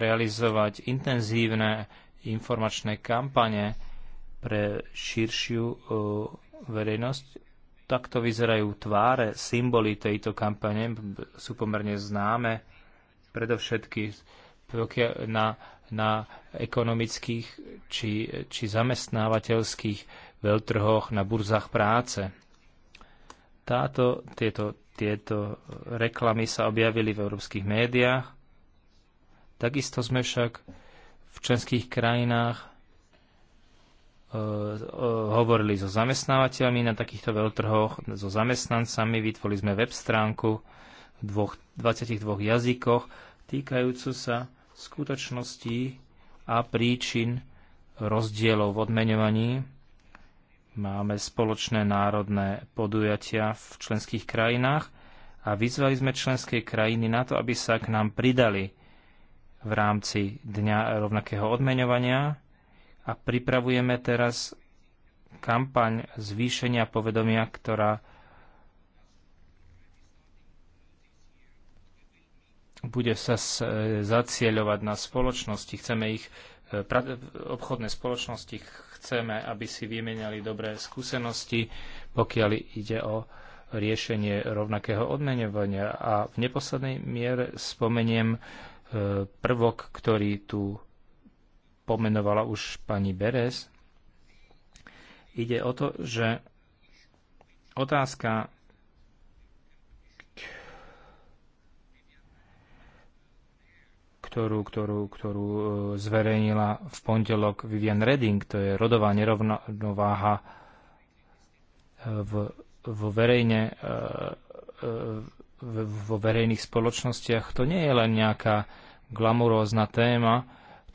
Speaker 3: realizovať intenzívne informačné kampane pre širšiu e, verejnosť. Takto vyzerajú tváre, symboly tejto kampane sú pomerne známe, predovšetky na na ekonomických či, či zamestnávateľských veľtrhoch, na burzách práce. Táto, tieto, tieto reklamy sa objavili v európskych médiách. Takisto sme však v členských krajinách e, e, hovorili so zamestnávateľmi na takýchto veľtrhoch, so zamestnancami, vytvorili sme web stránku v dvoch, 22 jazykoch týkajúcu sa skutočností a príčin rozdielov v odmeňovaní. Máme spoločné národné podujatia v členských krajinách a vyzvali sme členské krajiny na to, aby sa k nám pridali v rámci Dňa rovnakého odmeňovania a pripravujeme teraz kampaň zvýšenia povedomia, ktorá bude sa e, zacieľovať na spoločnosti. Chceme ich, e, obchodné spoločnosti, chceme, aby si vymenali dobré skúsenosti, pokiaľ ide o riešenie rovnakého odmenovania. A v neposlednej miere spomeniem e, prvok, ktorý tu pomenovala už pani Beres. Ide o to, že otázka ktorú, ktorú, ktorú e, zverejnila v pondelok Vivian Redding, to je rodová nerovnováha e, v, vo verejne e, vo verejných spoločnostiach. To nie je len nejaká glamurózna téma,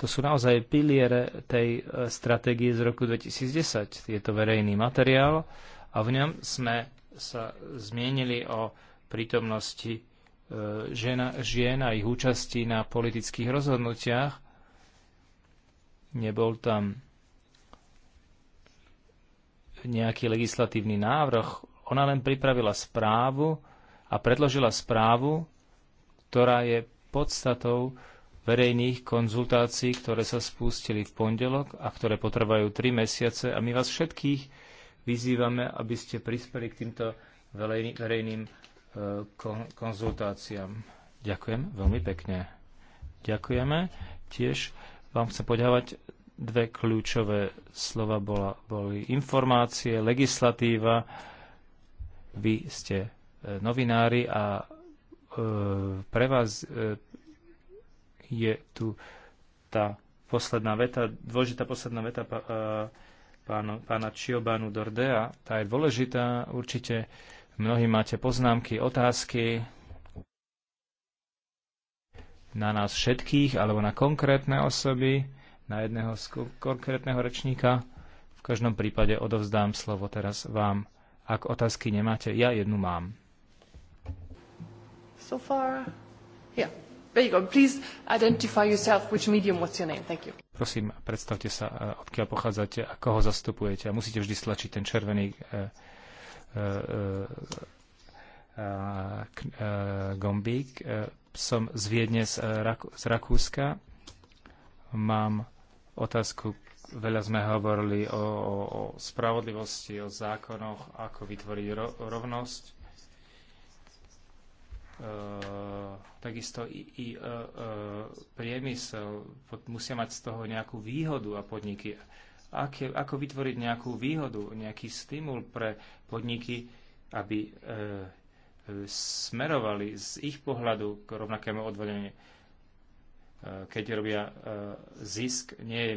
Speaker 3: to sú naozaj piliere tej stratégie z roku 2010. Je to verejný materiál a v ňom sme sa zmienili o prítomnosti žena, žien a ich účasti na politických rozhodnutiach. Nebol tam nejaký legislatívny návrh. Ona len pripravila správu a predložila správu, ktorá je podstatou verejných konzultácií, ktoré sa spustili v pondelok a ktoré potrvajú tri mesiace. A my vás všetkých vyzývame, aby ste prispeli k týmto verejným Eh, konzultáciám. Ďakujem veľmi pekne. Ďakujeme. Tiež vám chcem poďakovať dve kľúčové slova bola, boli informácie, legislatíva. Vy ste eh, novinári a e, pre vás e, je tu tá posledná veta, dôležitá posledná veta pá, pána, pána Čiobánu Dordea. Tá je dôležitá určite. E, Mnohí máte poznámky, otázky na nás všetkých alebo na konkrétne osoby, na jedného z konkrétneho rečníka. V každom prípade odovzdám slovo teraz vám. Ak otázky nemáte, ja jednu mám.
Speaker 1: So far, yeah.
Speaker 3: Prosím, predstavte sa, eh, odkiaľ pochádzate a koho zastupujete. A musíte vždy stlačiť ten červený eh, E, e, e, Gombík. Som z Viedne z, Raku- z Rakúska. Mám otázku. Veľa sme hovorili o, o, o spravodlivosti, o zákonoch, ako vytvoriť ro- rovnosť. Uh, takisto i, i uh, uh, priemysel musia mať z toho nejakú výhodu a podniky. je, ako vytvoriť nejakú výhodu, nejaký stimul pre podniky, aby e, smerovali z ich pohľadu k rovnakému odvodeniu. E, keď robia e, zisk, nie je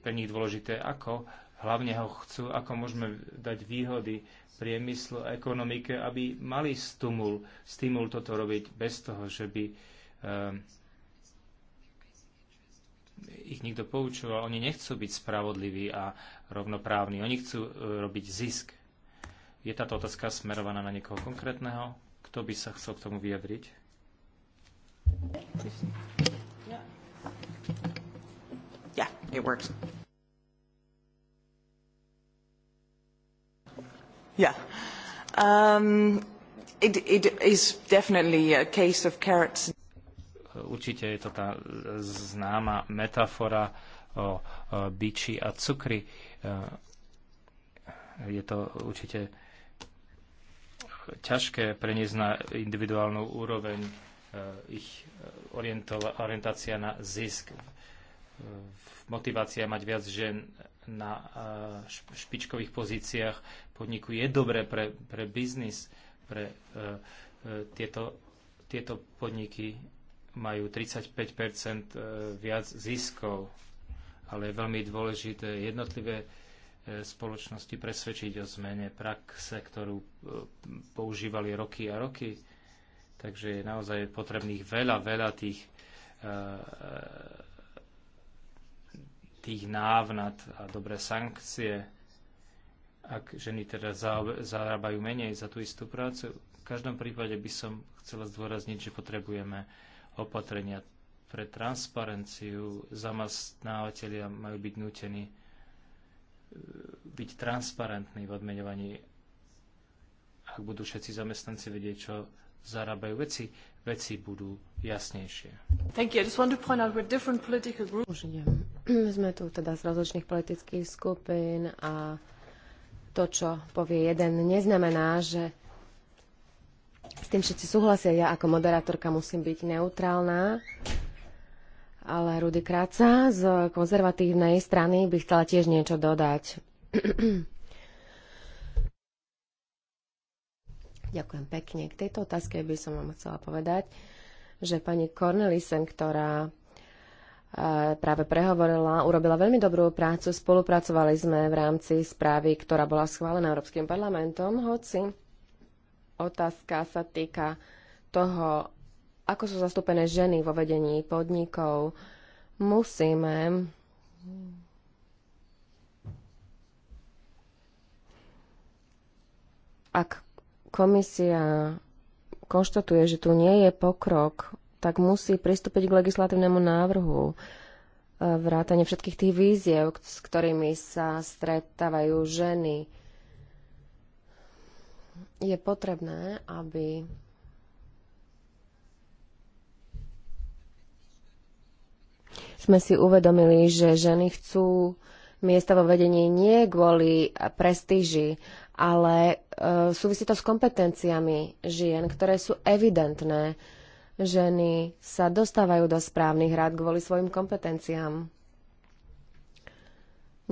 Speaker 3: pre nich dôležité ako, hlavne ho chcú, ako môžeme dať výhody priemyslu a ekonomike, aby mali stimul, stimul toto robiť bez toho, že by ich nikto poučoval. Oni nechcú byť spravodliví a rovnoprávni. Oni chcú robiť zisk je táto otázka smerovaná na niekoho konkrétneho? Kto by sa chcel k tomu vyjadriť? Yeah, it works. Yeah. Um, it, it is definitely a case of carrots. Určite je to tá známa metafora o, o biči a cukri. E, je to určite ťažké preniesť na individuálnu úroveň eh, ich eh, orientácia na zisk, eh, motivácia mať viac žien na špičkových pozíciách podniku je dobré pre, pre biznis, pre tieto, tieto podniky majú 35 viac ziskov, ale je veľmi dôležité jednotlivé spoločnosti presvedčiť o zmene praxe, ktorú e, používali roky a roky. Takže je naozaj potrebných veľa, veľa tých, e, e, tých návnat a dobré sankcie, ak ženy teda zarábajú menej za tú istú prácu. V každom prípade by som chcela zdôrazniť, že potrebujeme opatrenia pre transparenciu. Zamestnávateľia majú byť nútení byť transparentný v odmeňovaní, ak budú všetci zamestnanci vedieť, čo zarábajú veci, veci budú jasnejšie.
Speaker 1: Thank you. I just want to point out we're different political groups. Sme tu teda z rozličných politických skupín a to, čo povie jeden, neznamená, že s tým všetci súhlasia. Ja ako moderátorka musím byť neutrálna ale Rudy Kráca z konzervatívnej strany by chcela tiež niečo dodať. Ďakujem pekne. K tejto otázke by som vám chcela povedať, že pani Cornelisen, ktorá e, práve prehovorila, urobila veľmi dobrú prácu. Spolupracovali sme v rámci správy, ktorá bola schválená Európskym parlamentom, hoci otázka sa týka toho, ako sú zastúpené ženy vo vedení podnikov. Musíme ak komisia konštatuje, že tu nie je pokrok, tak musí pristúpiť k legislatívnemu návrhu e, vrátane všetkých tých víziev, s ktorými sa stretávajú ženy. Je potrebné, aby sme si uvedomili, že ženy chcú miesta vo vedení nie kvôli prestíži, ale e, súvisí to s kompetenciami žien, ktoré sú evidentné. Ženy sa dostávajú do správnych rád kvôli svojim kompetenciám.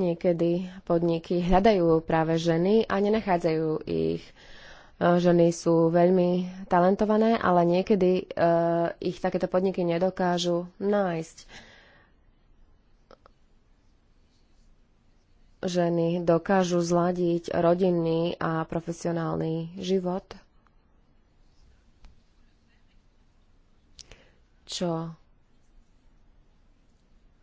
Speaker 1: Niekedy podniky hľadajú práve ženy a nenachádzajú ich. E, ženy sú veľmi talentované, ale niekedy e, ich takéto podniky nedokážu nájsť ženy dokážu zladiť rodinný a profesionálny život, čo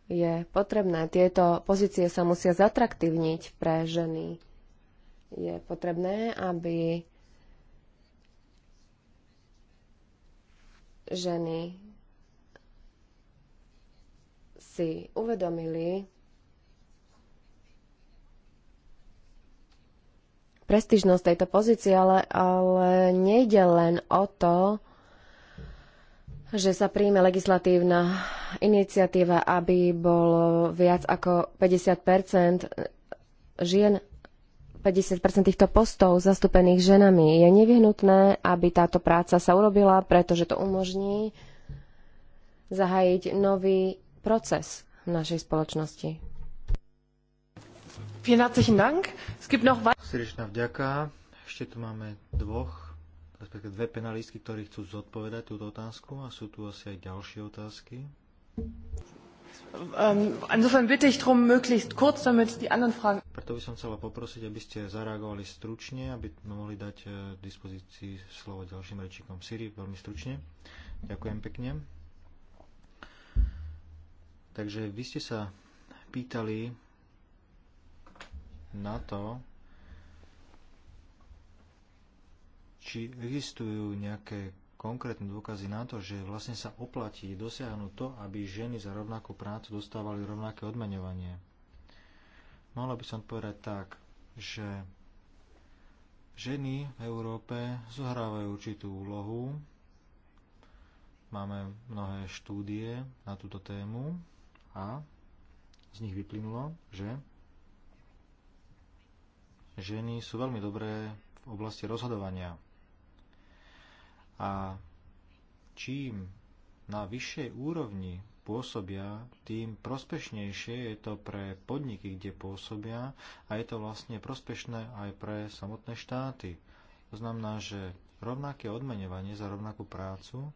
Speaker 1: je potrebné. Tieto pozície sa musia zatraktívniť pre ženy. Je potrebné, aby ženy si uvedomili, prestížnosť tejto pozície, ale, ale nejde len o to, že sa príjme legislatívna iniciatíva, aby bolo viac ako 50 žien, 50 týchto postov zastúpených ženami. Je nevyhnutné, aby táto práca sa urobila, pretože to umožní zahájiť nový proces v našej spoločnosti. Vielen herzlichen Dank.
Speaker 2: Es gibt noch... Srdečná vďaka. Ešte tu máme dvoch, respektíve dve penalistky, ktorí chcú zodpovedať túto otázku a sú tu asi aj ďalšie otázky. Ähm, Preto by som chcela poprosiť, aby ste zareagovali stručne, aby sme mohli dať k e, dispozícii slovo ďalším rečníkom Siri veľmi stručne. Ďakujem pekne. Takže vy ste sa pýtali na to, či existujú nejaké konkrétne dôkazy na to, že vlastne sa oplatí dosiahnuť to, aby ženy za rovnakú prácu dostávali rovnaké odmeňovanie. Mohla by som povedať tak, že ženy v Európe zohrávajú určitú úlohu. Máme mnohé štúdie na túto tému a z nich vyplynulo, že ženy sú veľmi dobré v oblasti rozhodovania. A čím na vyššej úrovni pôsobia, tým prospešnejšie je to pre podniky, kde pôsobia a je to vlastne prospešné aj pre samotné štáty. To znamená, že rovnaké odmenovanie za rovnakú prácu,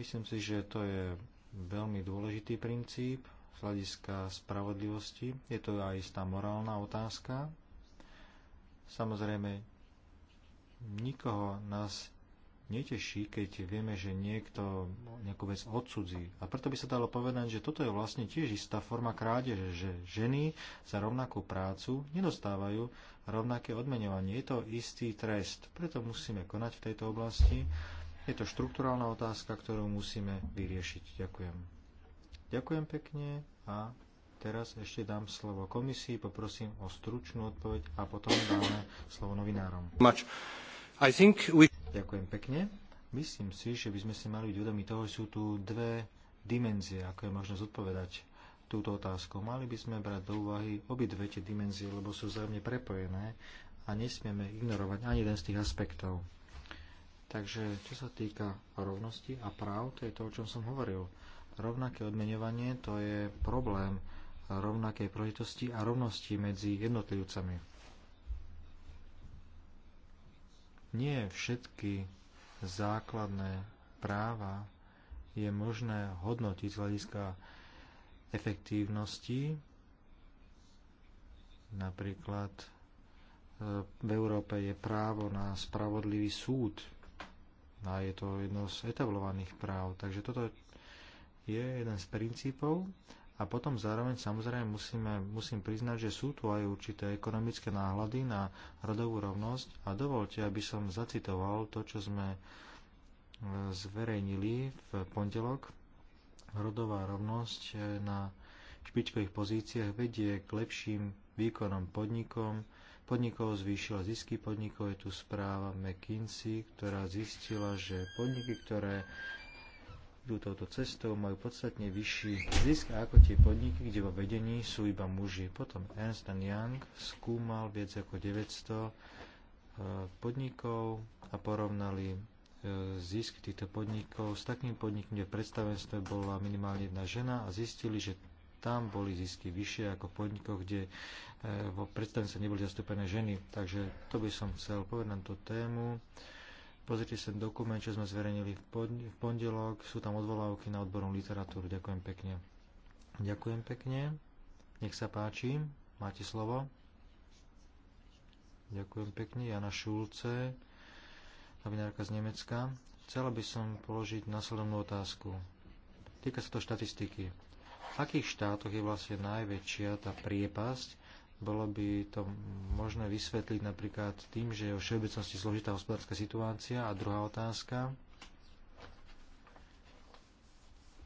Speaker 2: myslím si, že to je veľmi dôležitý princíp z hľadiska spravodlivosti. Je to aj istá morálna otázka Samozrejme, nikoho nás neteší, keď vieme, že niekto nejakú vec odsudzí. A preto by sa dalo povedať, že toto je vlastne tiež istá forma krádeže, že ženy za rovnakú prácu nedostávajú rovnaké odmenovanie. Je to istý trest. Preto musíme konať v tejto oblasti. Je to štruktúrálna otázka, ktorú musíme vyriešiť. Ďakujem. Ďakujem pekne a Teraz ešte dám slovo komisii, poprosím o stručnú odpoveď a potom dáme slovo novinárom. We... Ďakujem pekne. Myslím si, že by sme si mali byť vedomi toho, že sú tu dve dimenzie, ako je možné zodpovedať túto otázku. Mali by sme brať do úvahy obidve tie dimenzie, lebo sú vzájomne prepojené a nesmieme ignorovať ani jeden z tých aspektov. Takže čo sa týka rovnosti a práv, to je to, o čom som hovoril. Rovnaké odmeňovanie to je problém, rovnakej prožitosti a rovnosti medzi jednotlivcami. Nie všetky základné práva je možné hodnotiť z hľadiska efektívnosti. Napríklad e, v Európe je právo na spravodlivý súd a je to jedno z etablovaných práv. Takže toto je jeden z princípov a potom zároveň samozrejme musíme, musím priznať, že sú tu aj určité ekonomické náhľady na rodovú rovnosť a dovolte, aby som zacitoval to, čo sme e, zverejnili v pondelok. Rodová rovnosť e, na špičkových pozíciách vedie k lepším výkonom podnikom, podnikov zvýšila zisky podnikov, je tu správa McKinsey, ktorá zistila, že podniky, ktoré idú touto cestou, majú podstatne vyšší zisk ako tie podniky, kde vo vedení sú iba muži. Potom Ernst Young skúmal viac ako 900 e, podnikov a porovnali e, zisk týchto podnikov s takým podnikom, kde v predstavenstve bola minimálne jedna žena a zistili, že tam boli zisky vyššie ako v podnikoch, kde e, vo predstavenstve neboli zastúpené ženy. Takže to by som chcel povedať na tú tému. Pozrite sa dokument, čo sme zverejnili v pondelok. Sú tam odvolávky na odbornú literatúru. Ďakujem pekne. Ďakujem pekne. Nech sa páči. Máte slovo. Ďakujem pekne. Jana Šulce, novinárka z Nemecka. Chcela by som položiť následovnú otázku. Týka sa to štatistiky. V akých štátoch je vlastne najväčšia tá priepasť bolo by to možné vysvetliť napríklad tým, že je o všeobecnosti zložitá hospodárska situácia. A druhá otázka.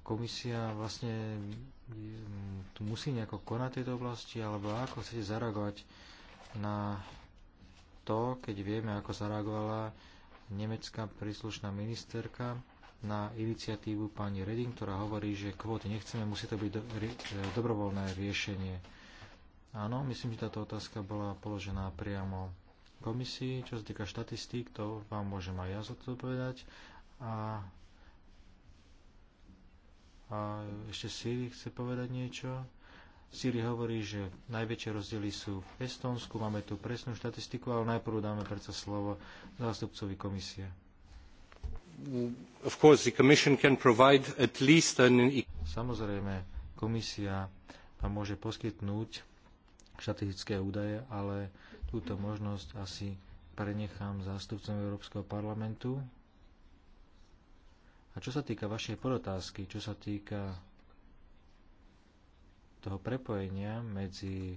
Speaker 2: Komisia vlastne mm, tu musí nejako konať tejto oblasti, alebo ako chcete zareagovať na to, keď vieme, ako zareagovala nemecká príslušná ministerka na iniciatívu pani Reding, ktorá hovorí, že kvóty nechceme, musí to byť do, ri, e, dobrovoľné riešenie. Áno, myslím, že táto otázka bola položená priamo komisii. Čo sa týka štatistík, to vám môžem aj ja zodpovedať. A, a ešte Siri chce povedať niečo. Siri hovorí, že najväčšie rozdiely sú v Estónsku. Máme tu presnú štatistiku, ale najprv dáme predsa slovo zástupcovi komisie. Of course, the commission can provide at least an... E- Samozrejme, komisia vám môže poskytnúť štatistické údaje, ale túto možnosť asi prenechám zástupcom Európskeho parlamentu. A čo sa týka vašej podotázky, čo sa týka toho prepojenia medzi e,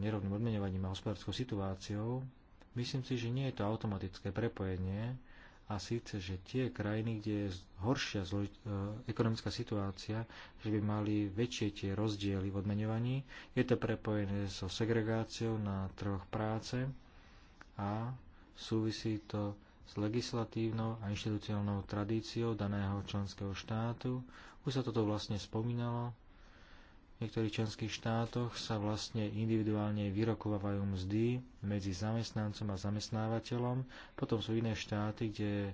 Speaker 2: nerovným odmenovaním a hospodárskou situáciou, myslím si, že nie je to automatické prepojenie, a síce, že tie krajiny, kde je horšia zlož- e, ekonomická situácia, že by mali väčšie tie rozdiely v odmeňovaní. Je to prepojené so segregáciou na trhoch práce a súvisí to s legislatívnou a inštitucionálnou tradíciou daného členského štátu. Už sa toto vlastne spomínalo niektorých členských štátoch sa vlastne individuálne vyrokovávajú mzdy medzi zamestnancom a zamestnávateľom. Potom sú iné štáty, kde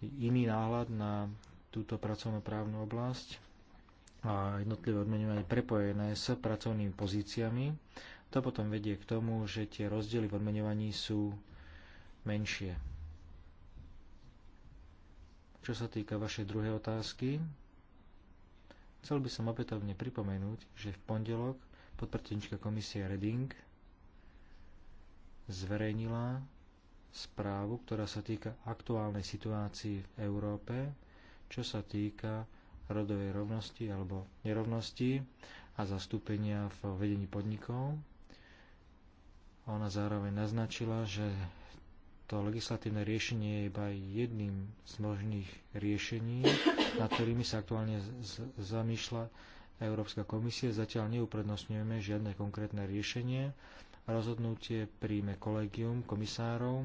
Speaker 2: je iný náhľad na túto pracovnoprávnu oblasť a jednotlivé odmenovanie prepojené s pracovnými pozíciami. To potom vedie k tomu, že tie rozdiely v odmenovaní sú menšie. Čo sa týka vašej druhej otázky, Chcel by som opätovne pripomenúť, že v pondelok podpredsednička komisie Reding zverejnila správu, ktorá sa týka aktuálnej situácii v Európe, čo sa týka rodovej rovnosti alebo nerovnosti a zastúpenia v vedení podnikov. Ona zároveň naznačila, že to legislatívne riešenie je iba jedným z možných riešení, nad ktorými sa aktuálne zamýšľa Európska komisia. Zatiaľ neuprednostňujeme žiadne konkrétne riešenie. Rozhodnutie príjme kolegium komisárov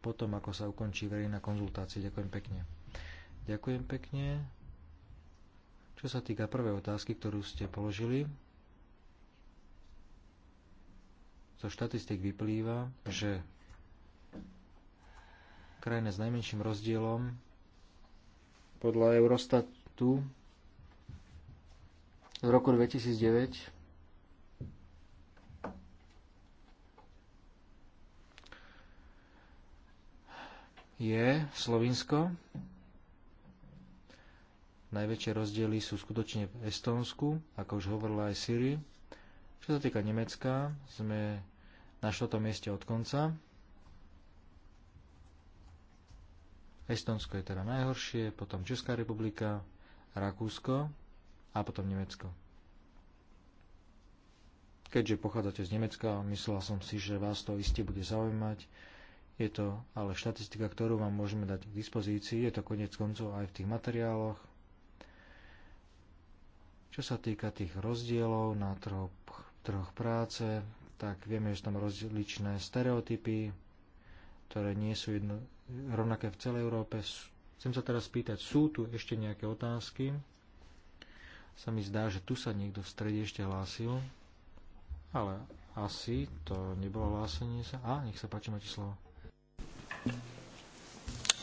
Speaker 2: potom, ako sa ukončí verejná konzultácia. Ďakujem pekne. Ďakujem pekne. Čo sa týka prvej otázky, ktorú ste položili, zo štatistik vyplýva, že krajina s najmenším rozdielom podľa Eurostatu z roku 2009 je Slovinsko. Najväčšie rozdiely sú skutočne v Estónsku, ako už hovorila aj Siri. Čo sa týka Nemecka, sme na štvrtom mieste od konca. Estonsko je teda najhoršie, potom Česká republika, Rakúsko a potom Nemecko. Keďže pochádzate z Nemecka, myslel som si, že vás to iste bude zaujímať. Je to ale štatistika, ktorú vám môžeme dať k dispozícii. Je to konec koncov aj v tých materiáloch. Čo sa týka tých rozdielov na troch, troch práce, tak vieme, že sú tam rozličné stereotypy, ktoré nie sú jedno, rovnaké v celej Európe. Chcem sa teraz spýtať, sú tu ešte nejaké otázky? Sa mi zdá, že tu sa niekto v strede ešte hlásil, ale asi to nebolo hlásenie sa. A, nech sa páči, máte slovo.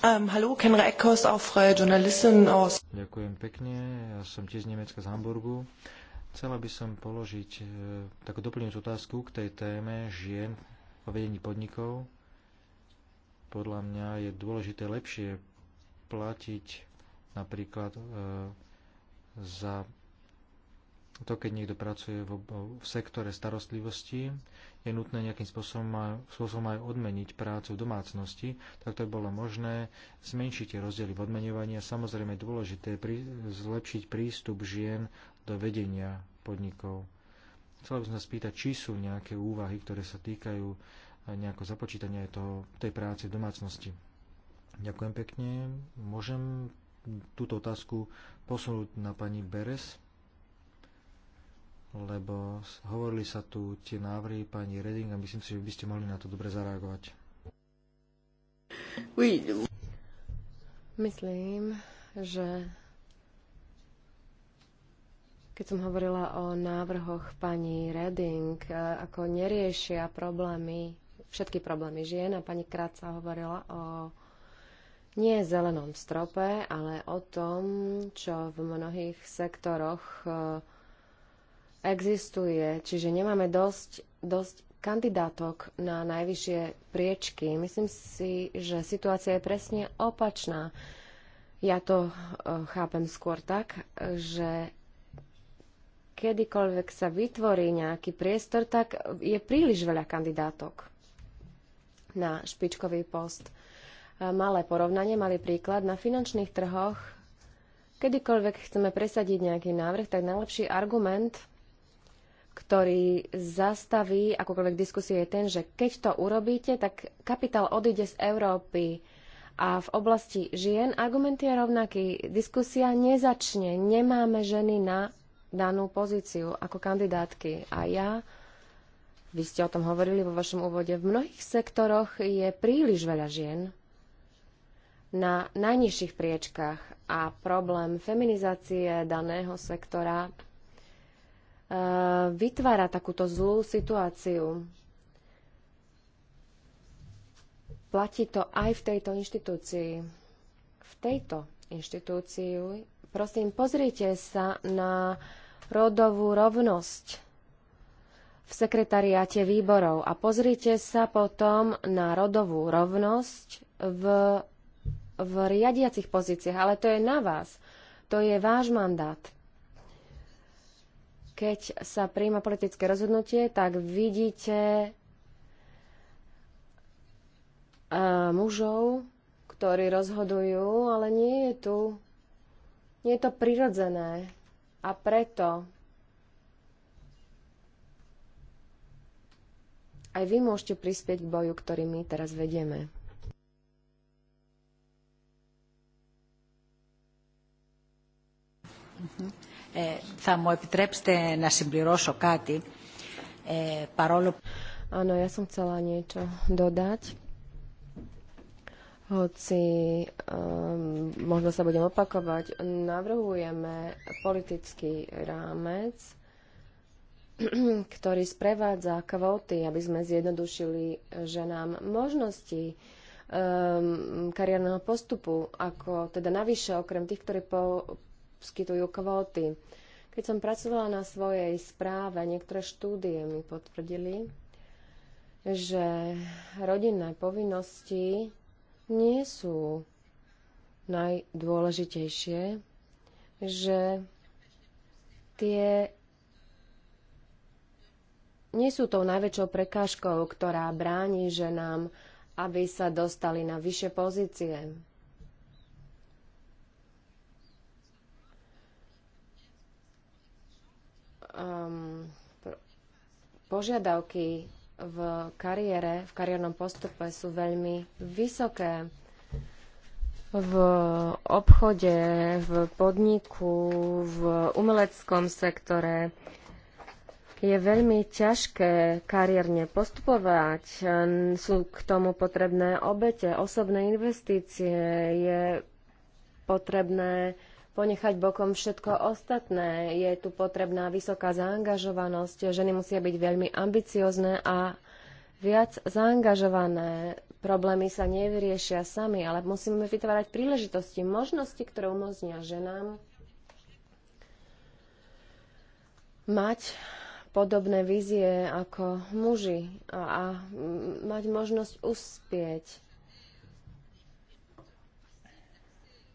Speaker 2: Um, hallo,
Speaker 3: Kenra Eckhaus, auch freie Journalistin aus...
Speaker 2: Ďakujem pekne, ja som tiež z Nemecka, z Hamburgu. Chcela by som položiť e, takú doplňujúcu otázku k tej téme žien o vedení podnikov. Podľa mňa je dôležité lepšie platiť napríklad e, za to, keď niekto pracuje v, v sektore starostlivosti, je nutné nejakým spôsobom aj, spôsobom aj odmeniť prácu v domácnosti, tak to bolo možné zmenšiť tie rozdiely v odmenovaní a samozrejme je dôležité prí, zlepšiť prístup žien do vedenia podnikov. Chcel by som sa spýtať, či sú nejaké úvahy, ktoré sa týkajú nejako započítanie toho, tej práce v domácnosti. Ďakujem pekne. Môžem túto otázku posunúť na pani Beres, lebo hovorili sa tu tie návrhy pani Reding a myslím si, že by ste mohli na to dobre zareagovať.
Speaker 1: Myslím, že keď som hovorila o návrhoch pani Reding, eh, ako neriešia problémy všetky problémy žien a pani Kráca hovorila o nie zelenom strope, ale o tom, čo v mnohých sektoroch e, existuje. Čiže nemáme dosť, dosť kandidátok na najvyššie priečky. Myslím si, že situácia je presne opačná. Ja to e, chápem skôr tak, že kedykoľvek sa vytvorí nejaký priestor, tak je príliš veľa kandidátok na špičkový post. Malé porovnanie, malý príklad. Na finančných trhoch, kedykoľvek chceme presadiť nejaký návrh, tak najlepší argument, ktorý zastaví akúkoľvek diskusie je ten, že keď to urobíte, tak kapitál odíde z Európy. A v oblasti žien argument je rovnaký. Diskusia nezačne. Nemáme ženy na danú pozíciu ako kandidátky. A ja vy ste o tom hovorili vo vašom úvode. V mnohých sektoroch je príliš veľa žien na najnižších priečkách a problém feminizácie daného sektora eh, vytvára takúto zlú situáciu. Platí to aj v tejto inštitúcii. V tejto inštitúcii, prosím, pozrite sa na rodovú rovnosť v sekretariáte výborov a pozrite sa potom na rodovú rovnosť v, v riadiacich pozíciách, ale to je na vás. To je váš mandát. Keď sa príjma politické rozhodnutie, tak vidíte e, mužov, ktorí rozhodujú, ale nie je tu. Nie je to prirodzené. A preto aj vy môžete prispieť k boju, ktorý my teraz vedieme. Eh, Áno, ja som chcela niečo dodať. Hoci um, možno sa budem opakovať, navrhujeme politický rámec, ktorý sprevádza kvóty, aby sme zjednodušili eh, ženám možnosti um, kariérneho postupu, ako teda navyše okrem tých, ktorí poskytujú kvóty. Keď som pracovala na svojej správe, niektoré štúdie mi potvrdili, že rodinné povinnosti nie sú najdôležitejšie, že tie nie sú tou najväčšou prekážkou, ktorá bráni ženám, aby sa dostali na vyššie pozície. Um, požiadavky v kariére, v kariérnom postupe sú veľmi vysoké. V obchode, v podniku, v umeleckom sektore, je veľmi ťažké kariérne postupovať. Hm, sú k tomu potrebné obete, osobné investície, je potrebné ponechať bokom všetko ostatné. Je tu potrebná vysoká zaangažovanosť. Ženy musia byť veľmi ambiciozne a viac zaangažované. Problémy sa nevyriešia sami, ale musíme vytvárať príležitosti, možnosti, ktoré umožnia ženám mať podobné vízie ako muži a, a mať možnosť uspieť.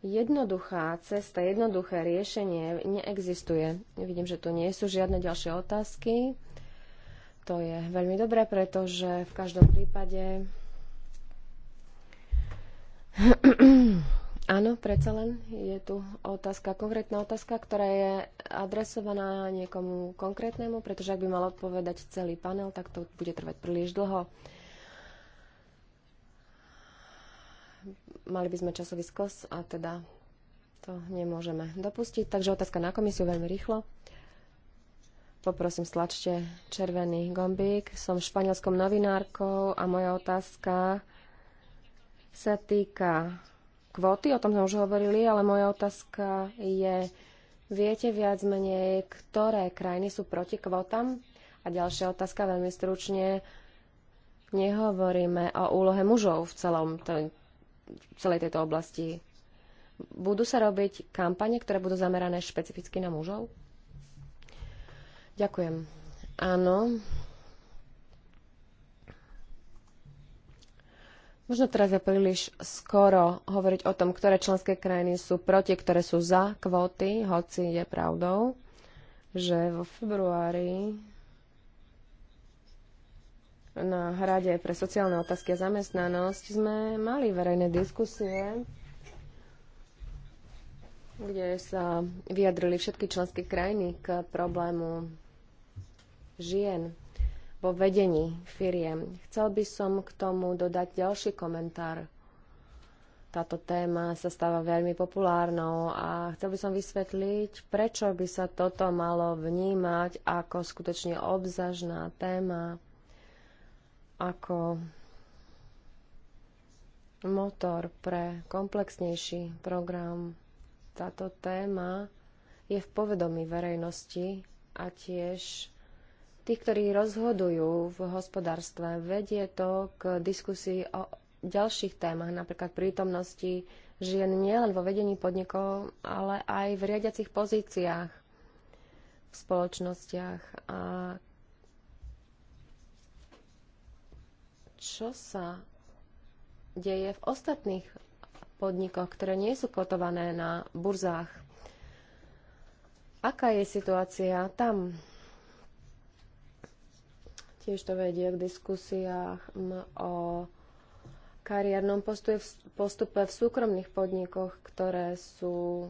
Speaker 1: Jednoduchá cesta, jednoduché riešenie neexistuje. Vidím, že tu nie sú žiadne ďalšie otázky. To je veľmi dobré, pretože v každom prípade Áno, predsa len je tu otázka, konkrétna otázka, ktorá je adresovaná niekomu konkrétnemu, pretože ak by mal odpovedať celý panel, tak to bude trvať príliš dlho. Mali by sme časový skos a teda to nemôžeme dopustiť. Takže otázka na komisiu veľmi rýchlo. Poprosím, stlačte červený gombík. Som španielskou novinárkou a moja otázka sa týka kvóty, o tom sme už hovorili, ale moja otázka je, viete viac menej, ktoré krajiny sú proti kvótam? A ďalšia otázka veľmi stručne. Nehovoríme o úlohe mužov v, celom, v celej tejto oblasti. Budú sa robiť kampane, ktoré budú zamerané špecificky na mužov? Ďakujem. Áno, Možno teraz je príliš skoro hovoriť o tom, ktoré členské krajiny sú proti, ktoré sú za kvóty, hoci je pravdou, že vo februári na Hrade pre sociálne otázky a zamestnanosť sme mali verejné diskusie, kde sa vyjadrili všetky členské krajiny k problému žien vo vedení firiem. Chcel by som k tomu dodať ďalší komentár. Táto téma sa stáva veľmi populárnou a chcel by som vysvetliť, prečo by sa toto malo vnímať ako skutočne obzažná téma, ako motor pre komplexnejší program. Táto téma je v povedomí verejnosti a tiež tých, ktorí rozhodujú v hospodárstve. Vedie to k diskusii o ďalších témach, napríklad prítomnosti žien nielen vo vedení podnikov, ale aj v riadiacich pozíciách v spoločnostiach. A čo sa deje v ostatných podnikoch, ktoré nie sú kotované na burzách? Aká je situácia tam? Tiež to vedie k diskusiách o kariérnom postupe v súkromných podnikoch, ktoré sú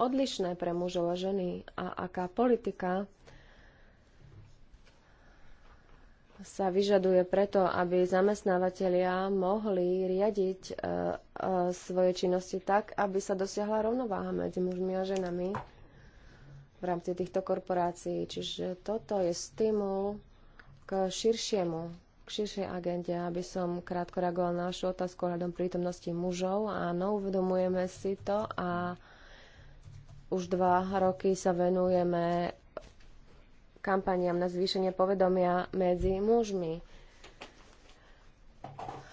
Speaker 1: odlišné pre mužov a ženy a aká politika sa vyžaduje preto, aby zamestnávateľia mohli riadiť e, e, svoje činnosti tak, aby sa dosiahla rovnováha medzi mužmi a ženami v rámci týchto korporácií. Čiže toto je stimul k širšiemu, k širšej agende, aby som krátko reagoval na vašu otázku ohľadom prítomnosti mužov. Áno, uvedomujeme si to a už dva roky sa venujeme kampaniám na zvýšenie povedomia medzi mužmi.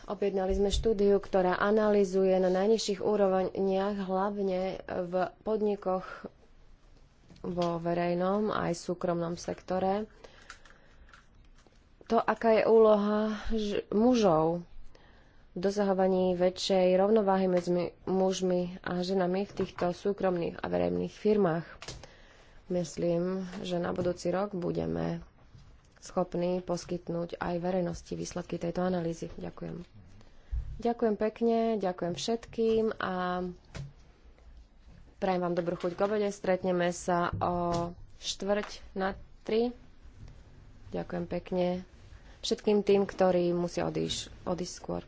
Speaker 1: Objednali sme štúdiu, ktorá analizuje na najnižších úrovniach, hlavne v podnikoch vo verejnom aj súkromnom sektore, to, aká je úloha mužov v dosahovaní väčšej rovnováhy medzi mužmi a ženami v týchto súkromných a verejných firmách. Myslím, že na budúci rok budeme schopní poskytnúť aj verejnosti výsledky tejto analýzy. Ďakujem. Ďakujem pekne, ďakujem všetkým a prajem vám dobrú chuť k obede. Stretneme sa o štvrť na tri. Ďakujem pekne všetkým tým, ktorí musia odísť, odísť skôr.